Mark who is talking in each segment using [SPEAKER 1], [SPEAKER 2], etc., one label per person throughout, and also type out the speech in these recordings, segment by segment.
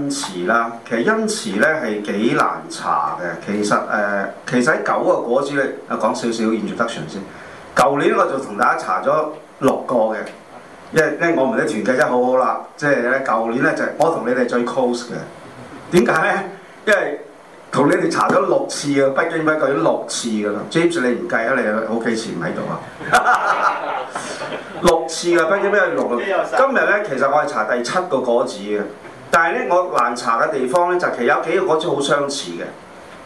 [SPEAKER 1] 恩慈啦，其實恩慈咧係幾難查嘅。其實誒，其實喺九個果子咧，我講少少 introduction 先。舊年我就同大家查咗六個嘅，因為咧我們咧團契得好好啦。即係咧，舊年咧就係我同你哋最 close 嘅。點解咧？因為同你哋查咗六次啊，不經不覺已經六次嘅啦。James，你唔計啊？你好幾 次唔喺度啊？六次啊，不經不覺六。今日咧，其實我係查第七個果子嘅。但係呢，我難查嘅地方呢，就其實有幾個嗰啲好相似嘅。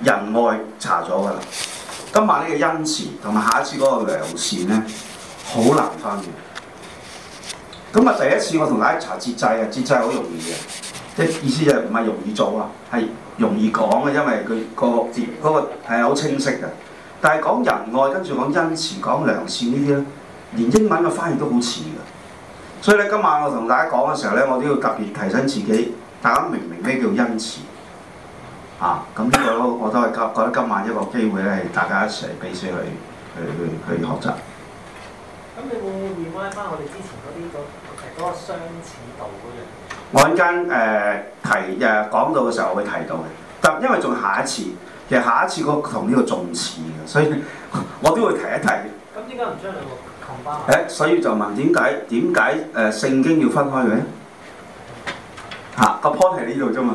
[SPEAKER 1] 仁愛查咗㗎啦，今晚呢個恩慈同埋下一次嗰個良善呢，好難翻譯嘅。咁啊，第一次我同大家查節制啊，節制好容易嘅，即意思就唔係容易做啊，係容易講嘅，因為佢個字嗰個係好清晰嘅。但係講仁愛，跟住講恩慈，講良善呢啲呢，連英文嘅翻譯都好似㗎。所以咧今晚我同大家講嘅時候咧，我都要特別提醒自己，大家明唔明咩叫恩慈啊？咁、這、呢個我都係覺覺得今晚一個機會咧，係大家一齊彼此去去去去學習。咁你會唔會聯繫翻我哋之前
[SPEAKER 2] 嗰啲、
[SPEAKER 1] 那個誒嗰、那個相似度嗰樣？我陣間誒提誒講到嘅時候我會提到嘅，得因為仲下一次，其實下一次個同呢個仲似嘅，所以我都會提一提。咁點解唔將
[SPEAKER 2] 兩個？
[SPEAKER 1] 誒、哎，所以就問點解點解誒聖經要分開嘅？嚇、啊，個 point 係呢度啫嘛，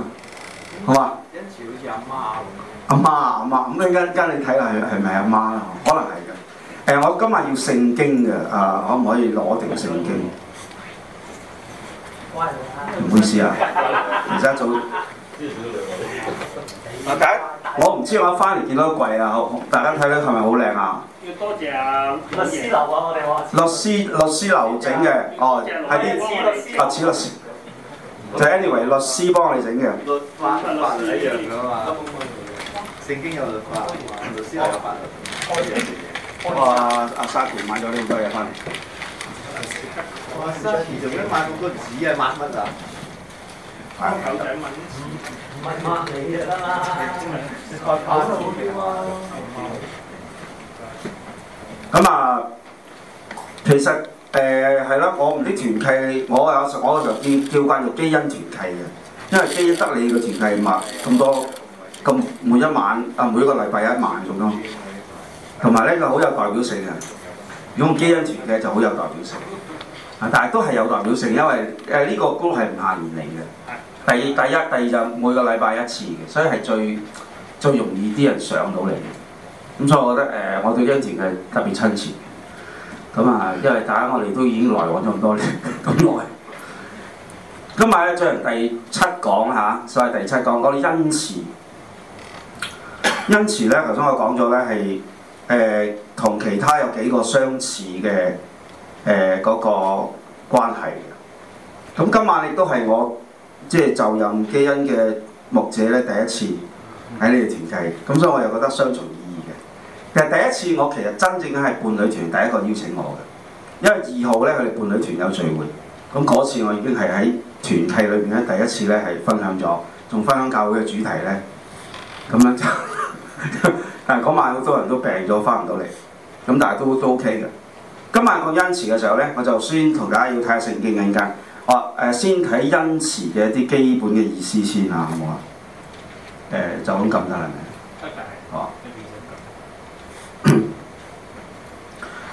[SPEAKER 1] 係嘛？一好似阿媽阿媽阿、啊、媽，咁一陣間你睇下係咪阿媽啦？可能係嘅。誒、啊，我今日要聖經嘅，啊，可唔可以攞定聖經？
[SPEAKER 2] 唔、啊、
[SPEAKER 1] 好意思啊，而家 做。Okay. 我唔知我一翻嚟見到個櫃啊，大家睇睇係咪好靚啊？要
[SPEAKER 3] 多謝律師樓啊，我哋我。律
[SPEAKER 1] 師律師樓整嘅，哦，係啲阿超律師，就 anyway 律師幫我哋整嘅。律法律師一樣嘅嘛，聖經有律法，律師有法律。哇！阿沙奇買咗呢好多嘢翻嚟。我阿沙奇仲要買咁多紙啊，買乜啊！咁、 嗯、啊，啊，其實誒係咯，我唔知團契。我有我就叫我叫，叫慣用基恩團契嘅，因為基恩得你個團契咪咁多，咁每一晚啊每一個禮拜一晚咁多，同埋呢個好有代表性嘅，如果基恩團契就好有代表性。但係都係有代表性，因為誒呢個歌係唔限年齡嘅。第第一第二就每個禮拜一次嘅，所以係最最容易啲人上到嚟咁所以，我覺得誒、呃，我對恩慈係特別親切。咁啊，因為大家我哋都已經來往咗咁多年咁耐。今日呢，進行第七講下，就係第七講啲恩慈。恩慈呢，頭先我講咗呢，係誒同其他有幾個相似嘅誒嗰個關係，咁今晚亦都係我。即係就任基恩嘅牧者呢，第一次喺呢度團契，咁所以我又覺得雙重意義嘅。其實第一次我其實真正係伴侶團第一個邀請我嘅，因為二號呢，佢哋伴侶團有聚會，咁嗰次我已經係喺團契裏邊呢，第一次呢係分享咗，仲分享教會嘅主題呢。咁樣就， 但係嗰晚好多人都病咗，翻唔到嚟，咁但係都都 OK 嘅。今晚講恩慈嘅時候呢，我就先同大家要睇下聖經引介。啊誒，先睇恩慈嘅一啲基本嘅意思先好、呃、Okay. 好 啊，好冇啊？誒，就咁撳得啦，係咪？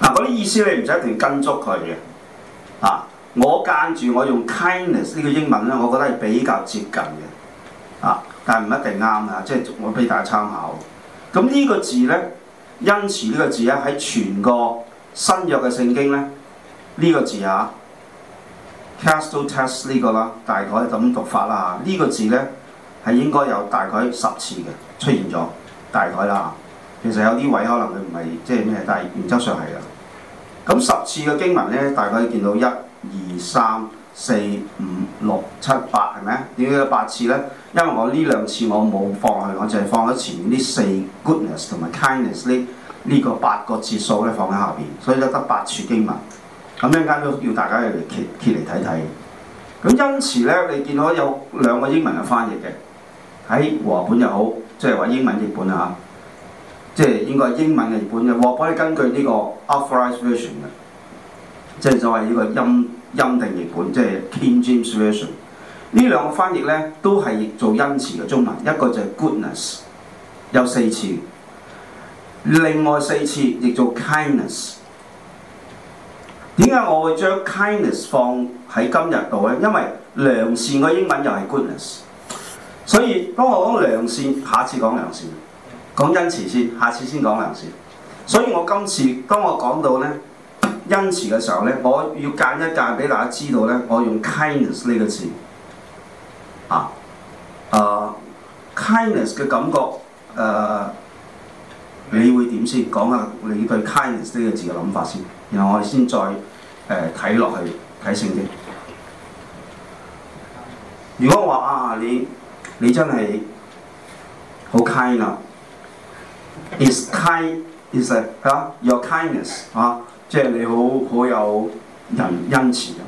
[SPEAKER 1] 得。嗱，嗰啲意思你唔使一定要跟足佢嘅。啊，我間住我用 kindness 呢個英文咧，我覺得係比較接近嘅。啊，但係唔一定啱啊，即係我俾大家參考。咁呢個字咧，恩慈呢個字啊，喺全個新約嘅聖經咧，呢、這個字啊。Castle test 呢個啦，大概咁讀法啦嚇。呢、呢個字呢，係應該有大概十次嘅出現咗，大概啦。其實有啲位可能佢唔係即係咩，但係原則上係嘅。咁十次嘅經文呢，大概見到一、二、三、四、五、六、七、八係咪啊？點解有八次呢？因為我呢兩次我冇放去，我淨係放咗前面呢四 goodness 同埋 kindness 呢呢個八個字數呢，放喺下邊，所以得得八次經文。咁一陣間都要大家嚟揭揭嚟睇睇。咁恩慈咧，你見到有兩個英文嘅翻譯嘅，喺、哎、和本又好，即係話英文譯本啊，即、就、係、是、應該係英文嘅譯本嘅。和本係根據呢個 Authorized Version 嘅，即係所謂呢個欽欽定譯本，即、就、係、是、King James Version。呢兩個翻譯咧，都係譯做恩慈嘅中文，一個就係 Goodness，有四次；另外四次譯做 Kindness。點解我會將 kindness 放喺今日度呢？因為良善個英文又係 goodness，所以當我講良善，下次講良善，講恩慈先，下次先講良善。所以我今次當我講到呢恩慈嘅時候呢，我要揀一揀俾大家知道呢，我用 kindness 呢個字啊，誒、呃、kindness 嘅感覺誒、呃，你會點先？講下你對 kindness 呢個字嘅諗法先。然後我哋先再誒睇落去睇成績。如果話啊，你你真係好 Kind 啊 's，is kind is 啊，your kindness 啊、uh,，即係你好好有人恩慈啊。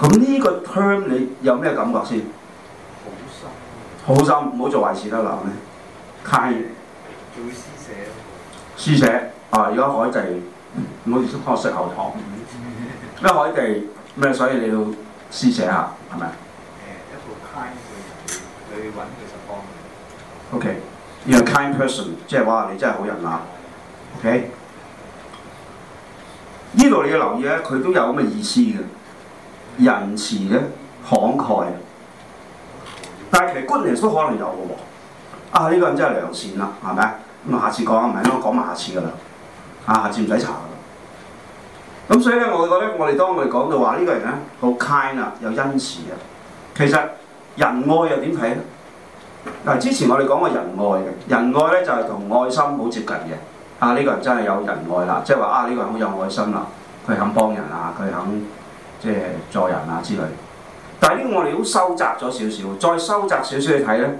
[SPEAKER 1] 咁呢個 term 你有咩感覺先？好心深，好心，唔好做壞事得啦。Kind 做施捨，施捨。啊！如果海地我哋都幫我食後糖，咩 海地咩，所以你要施捨下，係咪啊？誒，一個 kind person 去揾 O K. 呢個 kind person 即係哇！你真係好人啦、啊。O K. 呢度你要留意咧，佢都有咁嘅意思嘅仁慈咧，慷慨，但係其實 goodness 都可能有嘅喎。啊！呢、呢個人真係良善啦，係咪？咁下次講唔係應該講埋下次嘅啦。啊，下次唔使查啦。咁所以咧，我覺得我哋當我哋講到話呢、這個人咧好 kind 啊，有恩慈啊。其實仁愛又點睇咧？嗱，之前我哋講過仁愛嘅，仁愛咧就係、是、同愛心好接近嘅。啊，呢、這個人真係有仁愛啦，即係話啊，呢、這個人好有愛心啦、啊，佢肯幫人啊，佢肯即係、呃、助人啊之類。但係呢，我哋都收窄咗少少，再收窄少少去睇咧，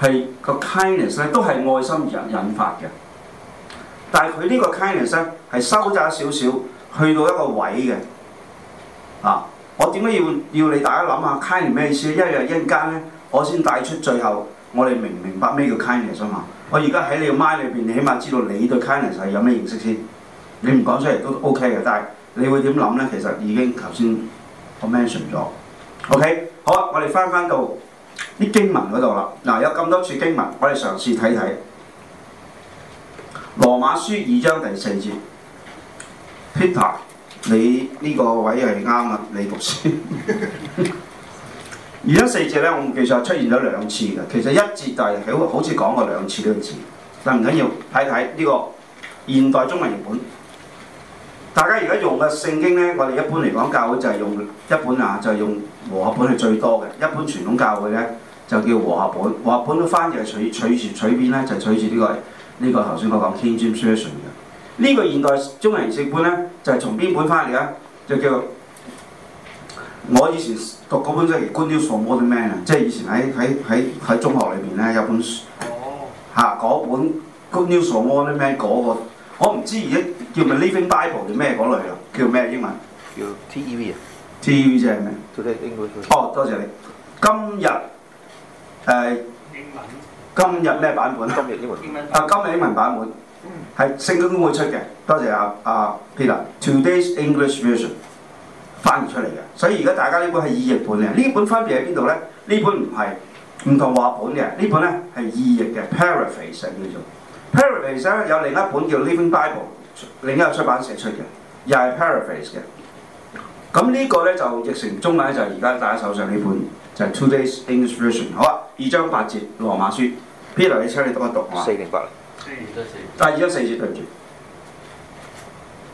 [SPEAKER 1] 係、那個 kindness 咧都係愛心引引發嘅。但係佢呢個 kindness 咧係收窄少少，去到一個位嘅嗱、啊。我點解要要你大家諗下 kindness 咩意思？因為一陣間呢，我先帶出最後我明明，我哋明唔明白咩叫 kindness 嘛？我而家喺你嘅 mind 裏邊，你起碼知道你對 kindness 係有咩認識先。你唔講出嚟都 OK 嘅，但係你會點諗呢？其實已經頭先我 mention 咗。OK，好啊，我哋翻返到啲經文嗰度啦。嗱，有咁多次經文，我哋嘗試睇睇。羅馬書二章第四節，Peter，你呢個位係啱啊！你讀書。 二章四節呢，我唔記得出現咗兩次嘅，其實一節就係、是、好好似講過兩次呢個字，但唔緊要，睇睇呢個現代中文譯本。大家而家用嘅聖經呢，我哋一般嚟講教會就係用一本啊，就係用和合本係最多嘅。一般傳統教會呢，就叫和合本，和合本嘅翻譯係取取舌取辮呢，就係取住呢個。呢個頭先我講 King James Version 嘅，呢、這個現代中文譯本咧就係從邊本翻嚟嘅？就叫我以前讀嗰本即係《Good News for Modern Man》哦、啊，即係以前喺喺喺喺中學裏邊咧有本書，嚇嗰本《Good News for Modern Man》嗰個，我唔知而家叫咪《係 Living Bible 定咩嗰類啊，叫咩英文？叫 T、E、V 啊，T、E、V 即係咩？今天、英文。哦，多謝你。今日誒。呃、英文。今日咩版本？今日呢本，啊，今日英文版本，係聖經公會出嘅，多謝阿啊、uh, Peter，Today's English Version 翻譯出嚟嘅，所以而家大家呢本係意譯本嘅，呢本分別喺邊度咧？呢本唔係唔同話本嘅，本呢本咧係意譯嘅 paraphrase 叫做，paraphrase 咧有另一本叫 Living Bible，另一個出版社出嘅，又係 paraphrase 嘅，咁呢個咧就譯成中文咧就係而家大家手上呢本，就係、是、Today's English Version，好啊。二章八節《羅馬書》，P. 劉，你請你讀一讀嚇。四零八零。第二
[SPEAKER 3] 章四節對唔
[SPEAKER 1] 住。不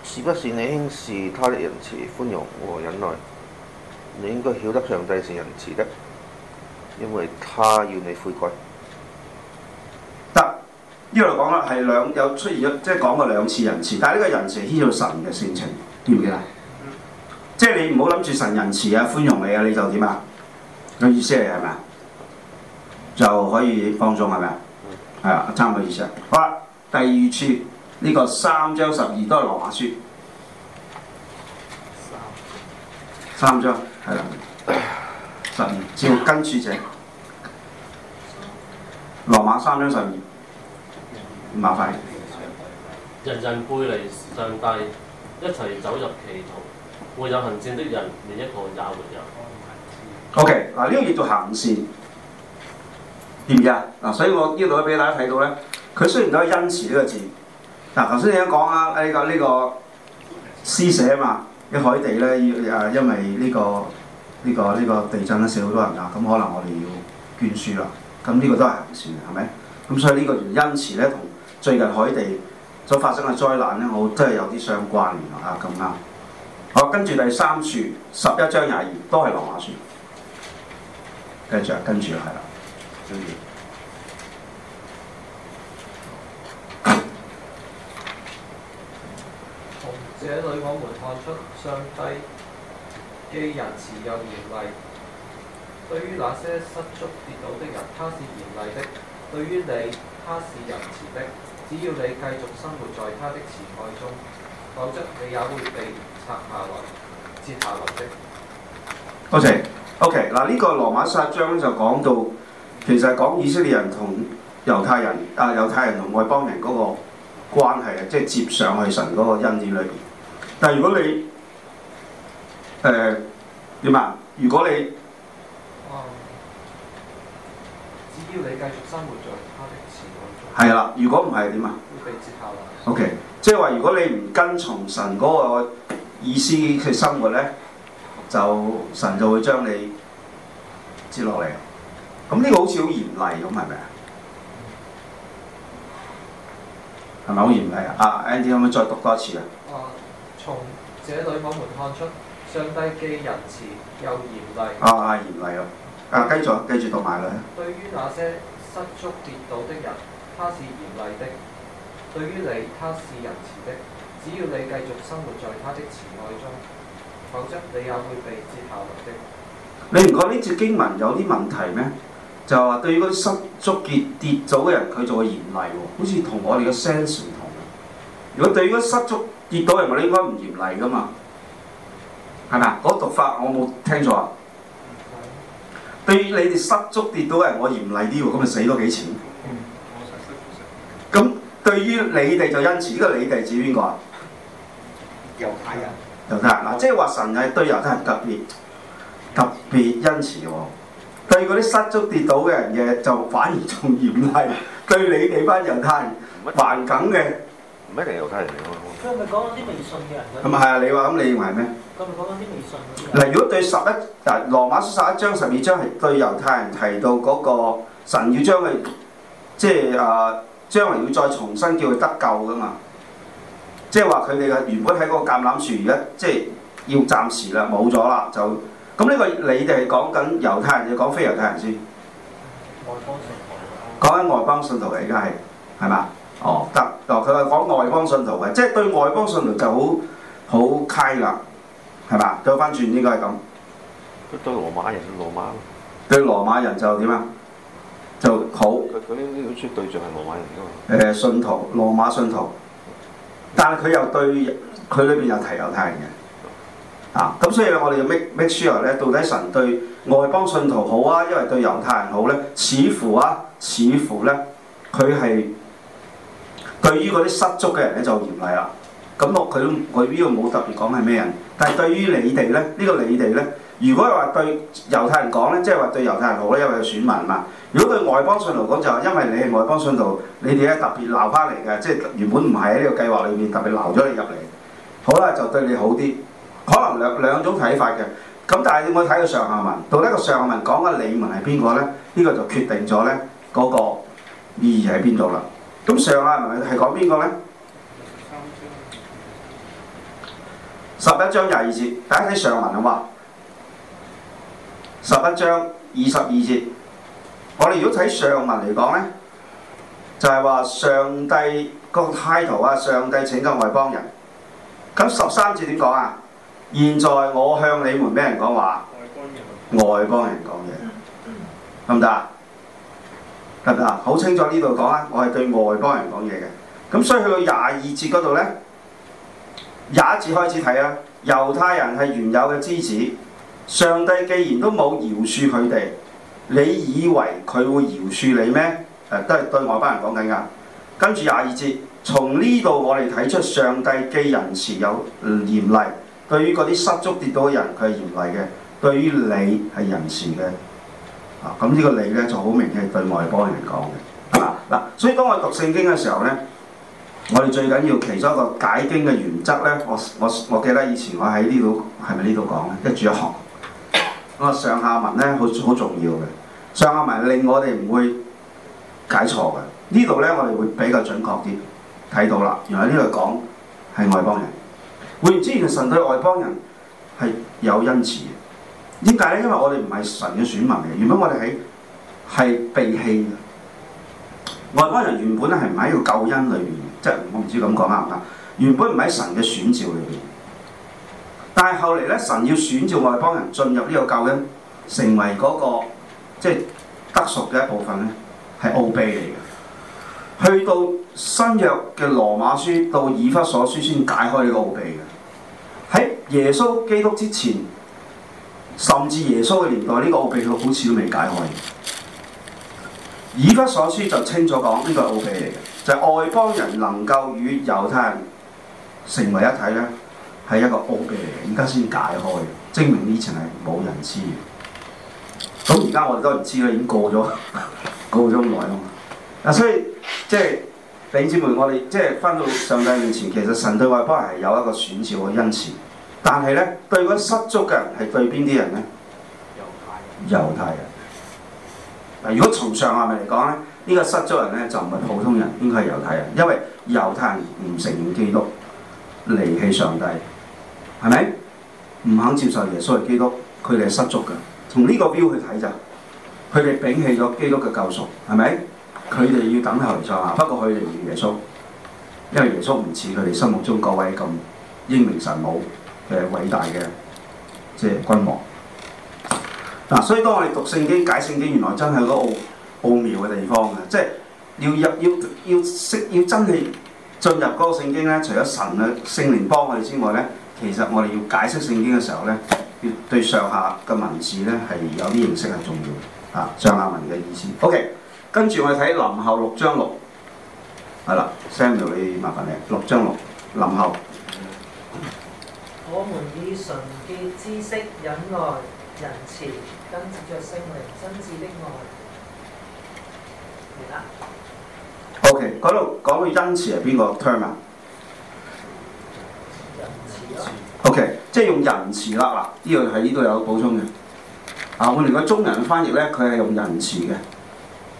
[SPEAKER 1] 時，不時是不是你輕視他的仁慈、寬容和忍耐，你應該曉得上帝是仁慈的，因為他要你悔改。得呢度講啦，係兩有出現咗，即係講過兩次仁慈。但係呢個仁慈係牽涉到神嘅性情，記唔記得？嗯。即係你唔好諗住神仁慈啊、寬容你啊，你就點啊？嘅意思係係咪啊？就可以放鬆係咪啊？係、嗯、啊，差唔多意思啊。好啦，第二次呢、這個三章十二都係羅馬書。三章係啦，十二照跟住者羅章馬三章十二，麻煩。人人背離上帝，一
[SPEAKER 2] 齊走入歧途。沒有行善的人，連一個也沒
[SPEAKER 1] 有。O K. 嗱，呢、okay, 啊，這個叫做行善。點呀？嗱，所以我呢度咧俾大家睇到呢，佢雖然都係恩慈呢個字。嗱，頭先你講啊，呢、這個呢、這個施捨啊嘛，啲海地呢，要、這、誒、個，因為呢個呢個呢個地震咧死好多人啊，咁可能我哋要捐書啦。咁呢個都係行善嘅，係咪？咁所以呢個恩慈呢，同最近海地所發生嘅災難呢，我真係有啲相關聯。原來啊，咁、啊、啱。好、啊，跟住第三處十一章廿二都係羅馬書。跟住啊，跟住係啦。從這
[SPEAKER 2] 裡我們看出上帝既仁慈又嚴厲。對於那些失足跌倒的人，他是嚴厲的；對於你，他是仁慈的。只要你繼續生活在他的慈愛中，否則你也會被拆下來，接下來的。
[SPEAKER 1] O K. O K. 嗱，呢個羅馬殺章就講到。其實講以色列人同猶太人啊，猶太人同外邦人嗰個關係啊，即係接上去神嗰個恩典裏邊。但係如果你誒點啊？如果你哦，只要你繼
[SPEAKER 2] 續生活在
[SPEAKER 1] 他的前路，係啦。如果唔係點啊？會被接下來。O K，即係話如果你唔跟從神嗰個意思去生活呢，就神就會將你接落嚟。咁呢個好似好嚴厲咁，係咪啊？係咪好嚴厲啊？啊 Andy 可唔可以再讀多次啊？哦，
[SPEAKER 2] 從
[SPEAKER 1] 這裏我們看出上帝既仁慈又嚴厲，啊。啊，嚴厲咯。啊，繼續，繼續讀埋啦。對於那些失足跌倒的人，他是嚴厲的；對於你，他是仁慈的。只要你繼續生活
[SPEAKER 2] 在他的慈愛中，否則你也會被接下來的。
[SPEAKER 1] 你唔覺呢節經文有啲問題咩？就話對於嗰啲失足跌跌倒嘅人，佢就會嚴厲喎，好似同我哋嘅 sense 唔同。如果對於嗰失足跌倒嘅人，唔係應該唔嚴厲㗎嘛？係咪啊？嗰個讀法我冇聽錯啊？對於你哋失足跌倒嘅人，我嚴厲啲喎，咁咪死多幾錢？咁對於你哋就恩慈，呢個你哋指邊個啊？猶太人。嗱，嗱，即係話神係對猶太人特別特別恩慈喎。對嗰啲失足跌倒嘅人嘅，就反而仲嚴厲。 對你哋班猶太人環境嘅，唔必一定猶太人咯。佢係咪講
[SPEAKER 2] 緊啲迷信嘅
[SPEAKER 1] 人？咁啊係啊，你話咁，你認為咩？佢咪講緊啲迷信
[SPEAKER 2] 嘅
[SPEAKER 1] 人。嗱，如果對十一嗱羅馬書十一章十二章係對猶太人提到嗰個神要將佢，即係啊將嚟要再重新叫佢得救噶嘛？即係話佢哋原本喺個橄欖樹，而家即係要暫時啦，冇咗啦就。咁呢個你哋講緊猶太人，要講非猶太人先。外
[SPEAKER 3] 邦
[SPEAKER 1] 講緊外邦信徒嘅，而家係，係嘛？哦，得，哦，佢話講外邦信徒嘅，即係對外邦信徒就好好 kind 啦，係嘛？倒翻轉應該係咁。對羅馬人，羅馬咯。對羅馬人就點啊？就好。佢啲好似對象係羅馬人㗎嘛？誒、嗯，信徒，羅馬信徒，但係佢又對佢裏邊又提猶太人嘅。啊！咁所以我哋要 make make sure 呢，到底神對外邦信徒好啊，因為對猶太人好呢，似乎啊，似乎呢，佢係對於嗰啲失足嘅人呢，就嚴厲啦。咁我佢佢呢度冇特別講係咩人，但係對於你哋呢，呢、呢個你哋呢，如果話對猶太人講呢，即係話對猶太人好呢，因為有選民嘛。如果對外邦信徒講就因為你係外邦信徒，你哋呢特別留翻嚟嘅，即、就、係、是、原本唔係喺呢個計劃裏面特別留咗你入嚟。好啦，就對你好啲。可能兩兩種睇法嘅，咁但係你有冇睇過上下文，到底個上下文講嘅李文係邊個呢？呢、這個就決定咗呢嗰個意義喺邊度啦。咁上下文係講邊個呢？十一章廿二節，大家睇上文啊嘛。十一章二十二節，我哋如果睇上文嚟講呢，就係、是、話上帝、個態度啊，上帝請緊外邦人。咁十三節點講啊？現在我向你們咩人講話？外邦人，外邦人講嘢，得唔得？得唔得？好清楚呢度講啊！我係對外邦人講嘢嘅。咁所以去到廿二節嗰度呢，廿一節開始睇啊。猶太人係原有嘅枝子，上帝既然都冇饒恕佢哋，你以為佢會饒恕你咩？誒、啊，都係對外邦人講緊噶。跟住廿二節，從呢度我哋睇出上帝既仁慈又嚴厲。對於嗰啲失足跌倒嘅人，佢係嚴厲嘅；對於你係仁慈嘅。啊，咁、這、呢個你呢，就好明顯係對外邦人講嘅。啊，嗱，所以當我讀聖經嘅時候呢，我哋最緊要其中一個解經嘅原則呢，我我我記得以前我喺呢度係咪呢度講咧？一住一行，我、啊、上下文呢，好好重要嘅，上下文令我哋唔會解錯嘅。呢度呢，我哋會比較準確啲睇到啦。原來呢度講係外邦人。固然之前神對外邦人係有恩慈嘅，點解咧？因為我哋唔係神嘅選民嚟，原本我哋喺係被棄嘅。外邦人原本咧係唔喺個救恩裏邊，即係我唔知咁講啱唔啱。原本唔喺神嘅選召裏邊，但係後嚟咧，神要選召外邦人進入呢個救恩，成為嗰個即係得屬嘅一部分咧，係奧秘嚟嘅。去到新約嘅羅馬書到以弗所書先解開呢個奧秘嘅。喺耶穌基督之前，甚至耶穌嘅年代，呢、這個奧秘佢好似都未解開。以弗所書就清楚講，呢、這個奧秘嚟嘅，就係、是、外邦人能夠與猶太人成為一體咧，係一個奧秘嚟嘅。而家先解開，證明呢層係冇人知嘅。咁而家我哋都唔知啦，已經過咗咁多耐啦。嗱、 啊，所以即係弟兄姊妹，我哋即係翻到上帝面前，其實神對外邦人係有一個選召嘅恩慈。但係咧，對嗰失足嘅人係對邊啲人咧？猶太人。猶太人。嗱，如果從上下文嚟講咧，呢個失足人咧就唔係普通人，應該係猶太人，因為猶太人唔承認基督，離棄上帝，係咪？唔肯接受耶穌係基督，佢哋係失足嘅。從呢個標去睇就，佢哋摒棄咗基督嘅救贖，係咪？佢哋要等候就啊，不過佢哋唔認耶穌，因為耶穌唔似佢哋心目中各位咁英明神武。誒、呃、偉大嘅即係君王。嗱，所以當我哋讀聖經，解聖經，原來真係有啲奧奧妙嘅地方嘅，即係要入要要識要真係進入嗰個聖經咧，除咗神嘅聖靈幫我哋之外呢，其實我哋要解釋聖經嘅時候呢，要對上下嘅文字呢係有啲認識係重要嘅啊，上下文嘅意思。OK，跟住我哋睇林後六章六，係啦，Samuel 你麻煩你六章六，林後。我們以純潔知識忍耐仁慈，跟接着聖靈真摯的愛。O K. 嗰度講到慈仁慈係、啊、邊、okay，這個 term 啊？O K. 即係用仁慈啦，嗱，呢個喺呢度有補充嘅。啊，我哋個中人嘅翻譯咧，佢係用仁慈嘅。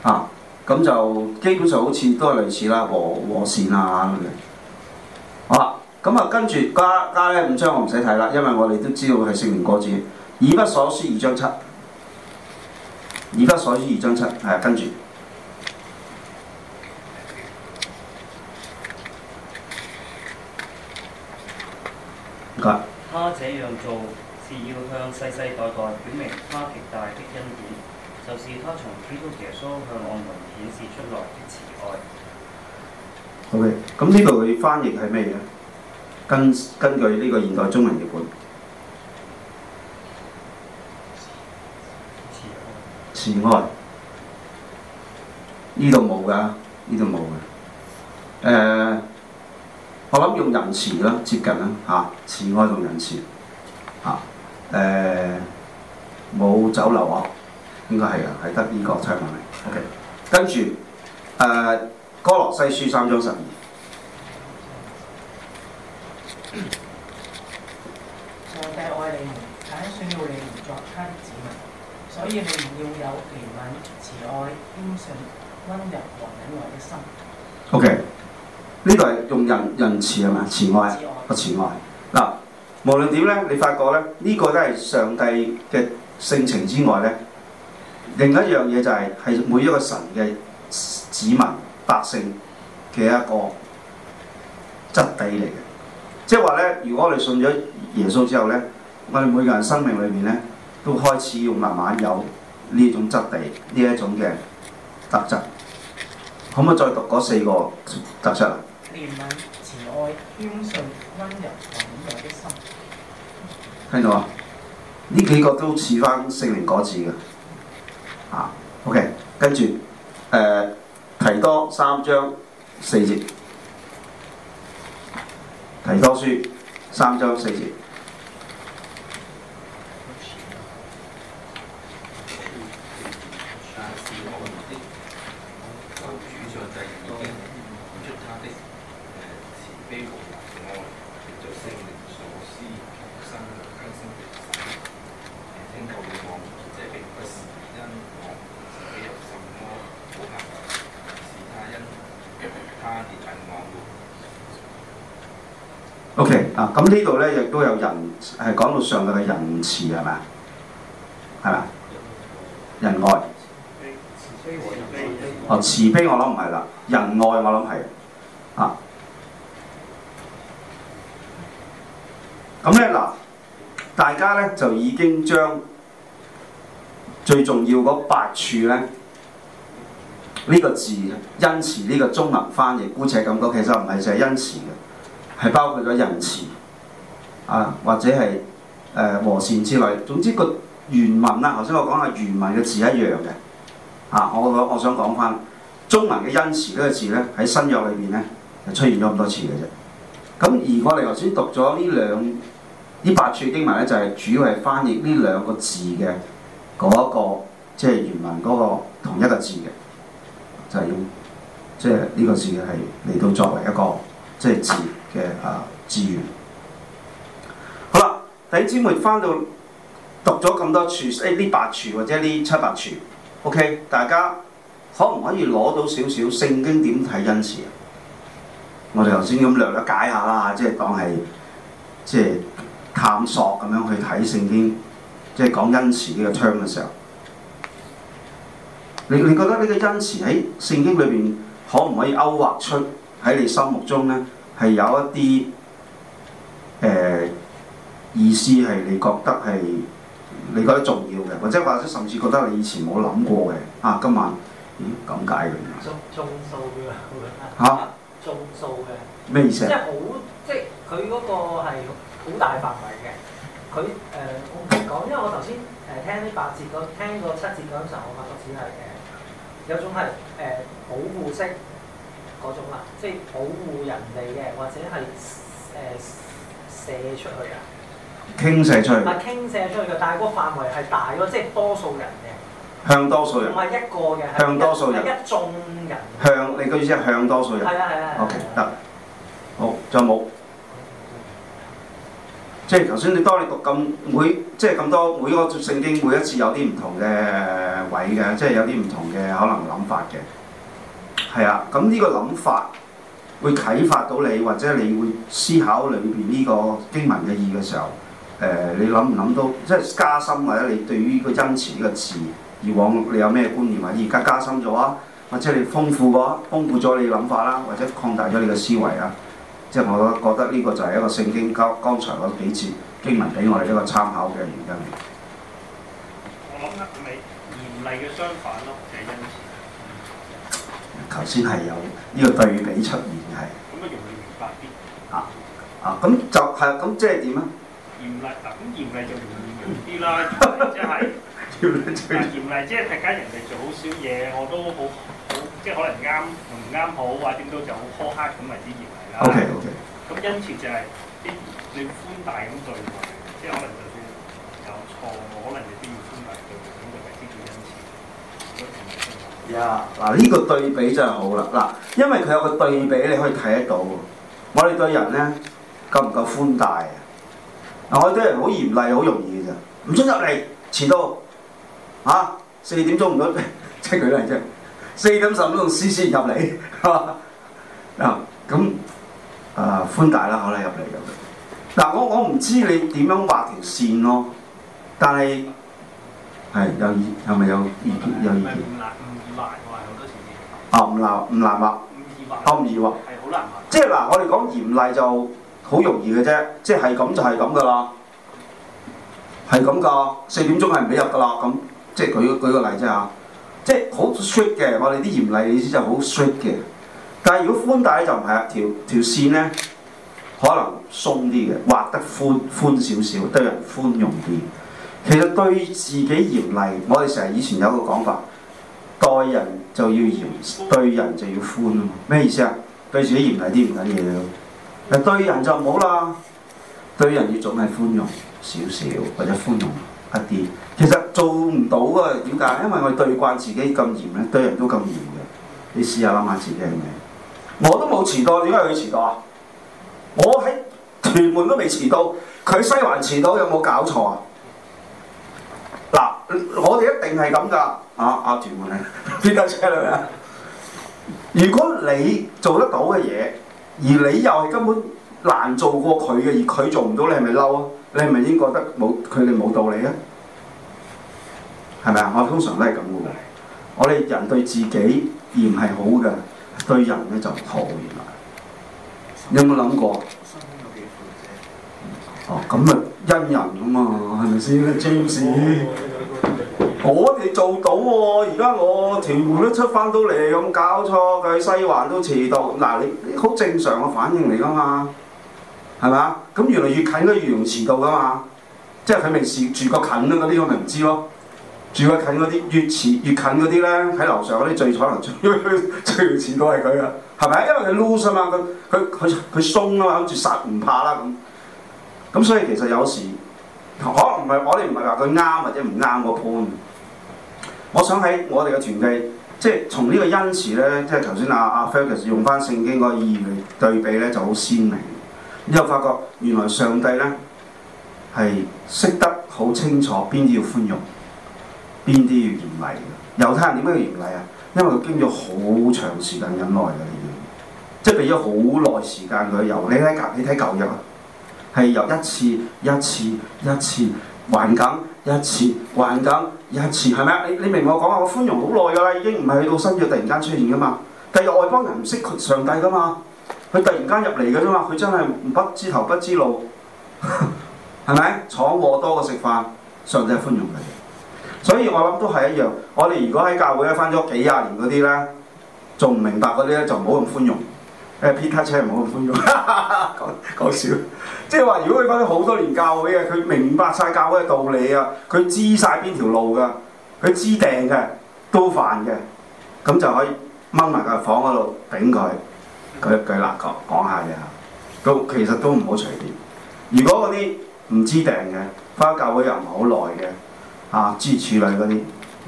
[SPEAKER 1] 啊，咁就基本上好似都係類似啦，和和善啊咁嘅。咁啊，跟住加拉太五章我唔使睇啦，因為我哋都知道係聖靈果子。以弗所書二章七，以弗所書二章七，係、啊、跟住。佢。
[SPEAKER 2] 他這樣做是要向世世代代表明他極大的恩典，就是他從基督耶穌向我們顯示出來的慈愛。
[SPEAKER 1] O.K.，咁呢度嘅翻譯係咩嘢？根根據呢個現代中文譯本，慈愛呢度冇㗎，呢度冇嘅。誒、呃，我諗用仁慈啦，接近啦嚇，慈愛同仁慈嚇。誒、啊，冇、呃、酒樓啊，應該係啊，係得呢個差唔多。OK，跟住誒《哥、啊、羅西書》三章十二。愛你們，揀選了你們作他的子民，所以你唔要有憐憫、慈愛、謙遜、温柔和忍耐的心。O K. 呢度係用仁仁慈係咪？慈愛個慈愛嗱，無論點咧，你發覺咧呢、這個都係上帝嘅性情之外咧，另一樣嘢就係、是、係每一個神嘅子民百姓嘅一個質地嚟嘅。即係話咧，如果我哋信咗耶穌之後咧，我哋每個人生命裏面咧，都開始要慢慢有呢一種質地，呢一種嘅特質。可唔可以再讀嗰四個特質啊？憐憫、慈愛、謙遜、温柔、謹心，聽到啊？呢幾個都似翻聖靈果子嘅。啊，OK。跟、呃、住，誒，提多三章四節。提多書三章四節。咁呢度呢亦都有仁，係講到上帝嘅仁慈，係咪？係咪？仁愛慈悲，哦、慈悲我諗唔係啦，仁愛我諗係啊。咁呢，嗱，大家呢，就已經將最重要嗰八處呢，呢、這個字，恩慈呢、這個中文翻譯姑且咁講，其實唔係淨係恩慈嘅，係包括咗仁慈。啊，或者係誒、呃、和善之類，總之個原文啦，啊，頭先我講係原文嘅字一樣嘅。啊，我我想講翻中文嘅恩慈呢個字咧，喺新約裏邊咧就出現咗咁多次嘅啫。咁而我哋頭先讀咗呢兩呢八處經文咧，就係、是、主要係翻譯呢兩個字嘅嗰一個，即、就、係、是、原文嗰個同一個字嘅，就係用即係呢個字係嚟到作為一個即係、就是、字嘅啊資源。字弟兄姊妹翻到讀咗咁多處，呢八處或者呢七八處，OK，大家可唔可以攞到少少聖經點睇恩慈？我哋頭先咁略略解下啦，即係當係即係探索咁樣去睇聖經，即係講恩慈呢個詞嘅時候，你你覺得呢個恩慈喺聖經裏邊可唔可以勾畫出喺你心目中呢，係有一啲誒？呃意思係你覺得係你覺得重要嘅，或者或者甚至覺得你以前冇諗過嘅啊！今晚咦咁、嗯、解嘅？中中數嘅嚇，中、啊、數嘅咩意思即係好，即係佢嗰個係好大
[SPEAKER 2] 範圍嘅。佢誒、呃，我唔識講，因為我頭先誒聽呢八節嗰聽個七節嗰陣時候，我發覺得只係誒、呃、有種係誒、呃、保護式嗰種啦，即係保護人哋嘅，或者係誒射出去嘅。
[SPEAKER 1] 傾瀉出去，唔係傾
[SPEAKER 2] 瀉出去嘅，但係個範圍係大咯，即係多
[SPEAKER 1] 數人嘅，向多數人，唔係
[SPEAKER 2] 一個嘅，向多數人，一眾
[SPEAKER 1] 人向你嘅意思係向多數人，係啊係啊。O K，得，好，仲有冇？即係頭先你當你讀咁每即係咁多每個聖經每一次有啲唔同嘅位嘅，即係有啲唔同嘅可能諗法嘅，係啊。咁呢個諗法會啟發到你，或者你會思考裏邊呢個經文嘅意嘅時候。誒、呃，你諗唔諗到，即係加深或者你對於呢個恩慈呢、這個字，以往你有咩觀念啊？而家加深咗啊，或者你豐富個，豐富咗你諗法啦，或者擴大咗你嘅思維啊。即係我覺得呢個就係一個聖經剛剛才嗰幾節經文俾我哋一個參考嘅原因。我諗啊，你嚴厲嘅相
[SPEAKER 3] 反咯，就
[SPEAKER 1] 係、是、恩慈。頭先係有呢、這個對比出現嘅，係。咁啊，容易明白啲。啊啊，咁就係咁，即係點啊？嚴厲嗱，咁嚴厲就容易啲啦，即係嚴厲、就是，即
[SPEAKER 3] 係睇緊人哋做好少嘢，我都好好，即係可能啱，唔啱好，或者點都就好
[SPEAKER 1] 苛刻咁為之嚴厲啦。O K O K。咁恩慈就係啲你寬大咁對待，即係可能就算有錯，可能你都要寬大對待，咁就為之叫恩慈。呀，嗱呢、yeah, 個對比就好啦，嗱，因為佢有個對比，你可以睇得到喎。我哋對人咧夠唔夠寬大？嗱，我啲人好嚴厲，好容易嘅咋，唔準入嚟，遲到，嚇、啊，四點鐘咁， 即係舉例啫，四點十五鐘私私入嚟，嚇，咁，啊，寬大啦，可能入嚟入嚟嗱，我、啊、我唔知你點樣畫條線咯、啊，但係係有意，係咪有意？有意，條。唔係唔難，唔易畫好多時。哦，唔難，唔難畫。易畫、哦。好唔易畫。係好難畫。即係嗱，我哋講嚴厲就。好容易嘅啫，即係咁就係咁噶啦，係咁噶，四點鐘係唔俾入噶啦。咁即係舉舉個例啫吓，即係好 strict 嘅，我哋啲嚴厲意思就好 strict 嘅。但係如果寬大咧就唔係，條條線咧可能鬆啲嘅，畫得寬寬少少，對人寬容啲。其實對自己嚴厲，我哋成日以前有個講法，待人就要嚴，對人就要寬啊嘛。咩意思啊？對自己嚴厲啲唔緊要。誒對人就唔好啦，對人要總係寬容少少或者寬容一啲。其實做唔到啊？點解？因為我哋對慣自己咁嚴咧，對人都咁嚴嘅。你試下諗下自己係咩？我都冇遲到，點解佢遲到啊？我喺屯門都未遲到，佢西環遲到有冇搞錯啊？嗱，我哋一定係咁㗎，啊啊屯門咧，邊架車嚟啊？如果你做得到嘅嘢，而你又係根本難做過佢嘅，而佢做唔到，你係咪嬲啊？你係咪已經覺得冇佢哋冇道理啊？係咪啊？我通常都係咁嘅。我哋人對自己而唔係好嘅，對人呢就錯。原來你有冇諗過？哦，咁咪因人啊嘛，係咪先？James。我哋、哦、做到喎、哦，而家我條門都出翻到嚟，咁搞錯，佢喺西環都遲到。嗱，你好正常嘅反應嚟噶嘛，係咪？咁越嚟越近嘅越容易遲到噶嘛，即係佢未試住過近嗰啲，我咪唔知咯。住過近嗰啲越遲越近嗰啲呢，喺樓上嗰啲最可能 最最遲到係佢啊，係咪因為佢 lose 啊嘛，佢佢佢佢鬆啊嘛，諗住殺唔怕啦咁。咁所以其實有時。可能唔係我哋唔係話佢啱或者唔啱個 point。我想喺我哋嘅團契，即係從呢個恩慈呢，即係頭先阿阿 Fergus 用翻聖經嗰個意義嚟對比呢就好鮮明。之後發覺原來上帝呢係識得好清楚邊啲要寬容，邊啲要嚴厲。猶太人點解要嚴厲啊？因為佢經過好長時間忍耐嘅，你要即係俾咗好耐時間佢遊。你睇你睇舊約。係由一次一次一次還緊一次還緊一次，係咪啊？你你明我講啊？我寬容好耐噶啦，已經唔係去到新約突然間出現噶嘛。但係外邦人唔識上帝噶嘛，佢突然間入嚟噶啫嘛，佢真係不知頭不知路，係咪？闖禍多過食飯，上帝係寬容佢。所以我諗都係一樣。我哋如果喺教會咧，翻咗幾廿年嗰啲咧，仲唔明白嗰啲咧，就唔好咁寬容。誒撇太扯唔好咁寬容，講講笑，即係話，如果佢翻咗好多年教會啊，佢明白晒教會嘅道理啊，佢知晒邊條路㗎，佢知定嘅都煩嘅，咁就可以掹埋個房嗰度頂佢，舉舉啦講講下嘢，都其實都唔好隨便，如果嗰啲唔知定嘅，翻教會又唔係好耐嘅，啊知處理嗰啲，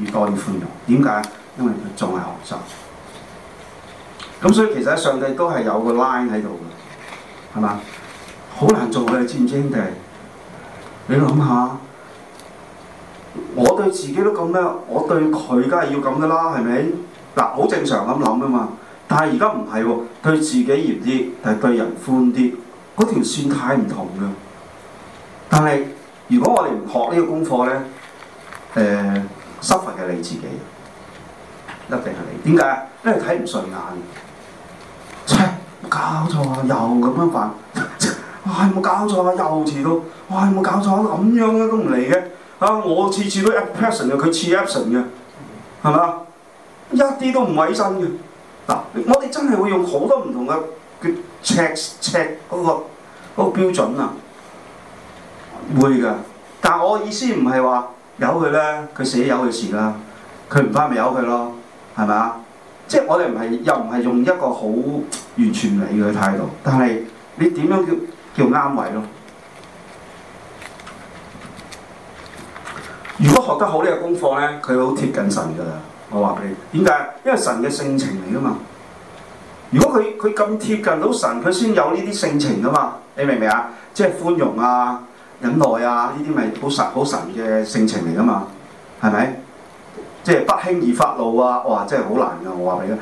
[SPEAKER 1] 要多啲寬容，點解？因為佢仲係學生。咁所以其實上帝都係有個 line 喺度嘅，係嘛？好難做嘅，知唔知兄弟？你諗下，我對自己都咁叻，我對佢梗係要咁嘅啦，係咪？嗱，好正常咁諗嘅嘛。但係而家唔係喎，對自己嚴啲，但係對人寬啲，嗰條線太唔同嘞。但係如果我哋唔學呢個功課呢，誒，suffer 嘅係你自己，一定係你。點解？因為睇唔順眼。搞錯啊！又咁樣煩，哇、哎！冇搞錯啊！又遲到，哇、哎！冇搞錯啊！咁樣嘅都唔嚟嘅，啊！我次次都 absent 嘅，佢次 absent 嘅，係咪啊？一啲都唔委身嘅。嗱，我哋真係會用好多唔同嘅尺尺嗰個嗰、嗰個標準啊，會㗎。但我意思唔係話由佢咧，佢寫有佢事啦，佢唔翻咪由佢咯，係咪啊？即係我哋唔係，又唔係用一個好完全理嘅態度。但係你點樣叫叫啱位咯？如果學得好呢個功課呢，佢好貼近神噶啦。我話俾你點解？因為神嘅性情嚟噶嘛。如果佢佢咁貼近到神，佢先有呢啲性情噶嘛。你明唔明啊？即係寬容啊、忍耐啊，呢啲咪好神好神嘅性情嚟噶嘛？係咪？即係不輕易發怒啊！哇，真係好難噶！我話畀你聽，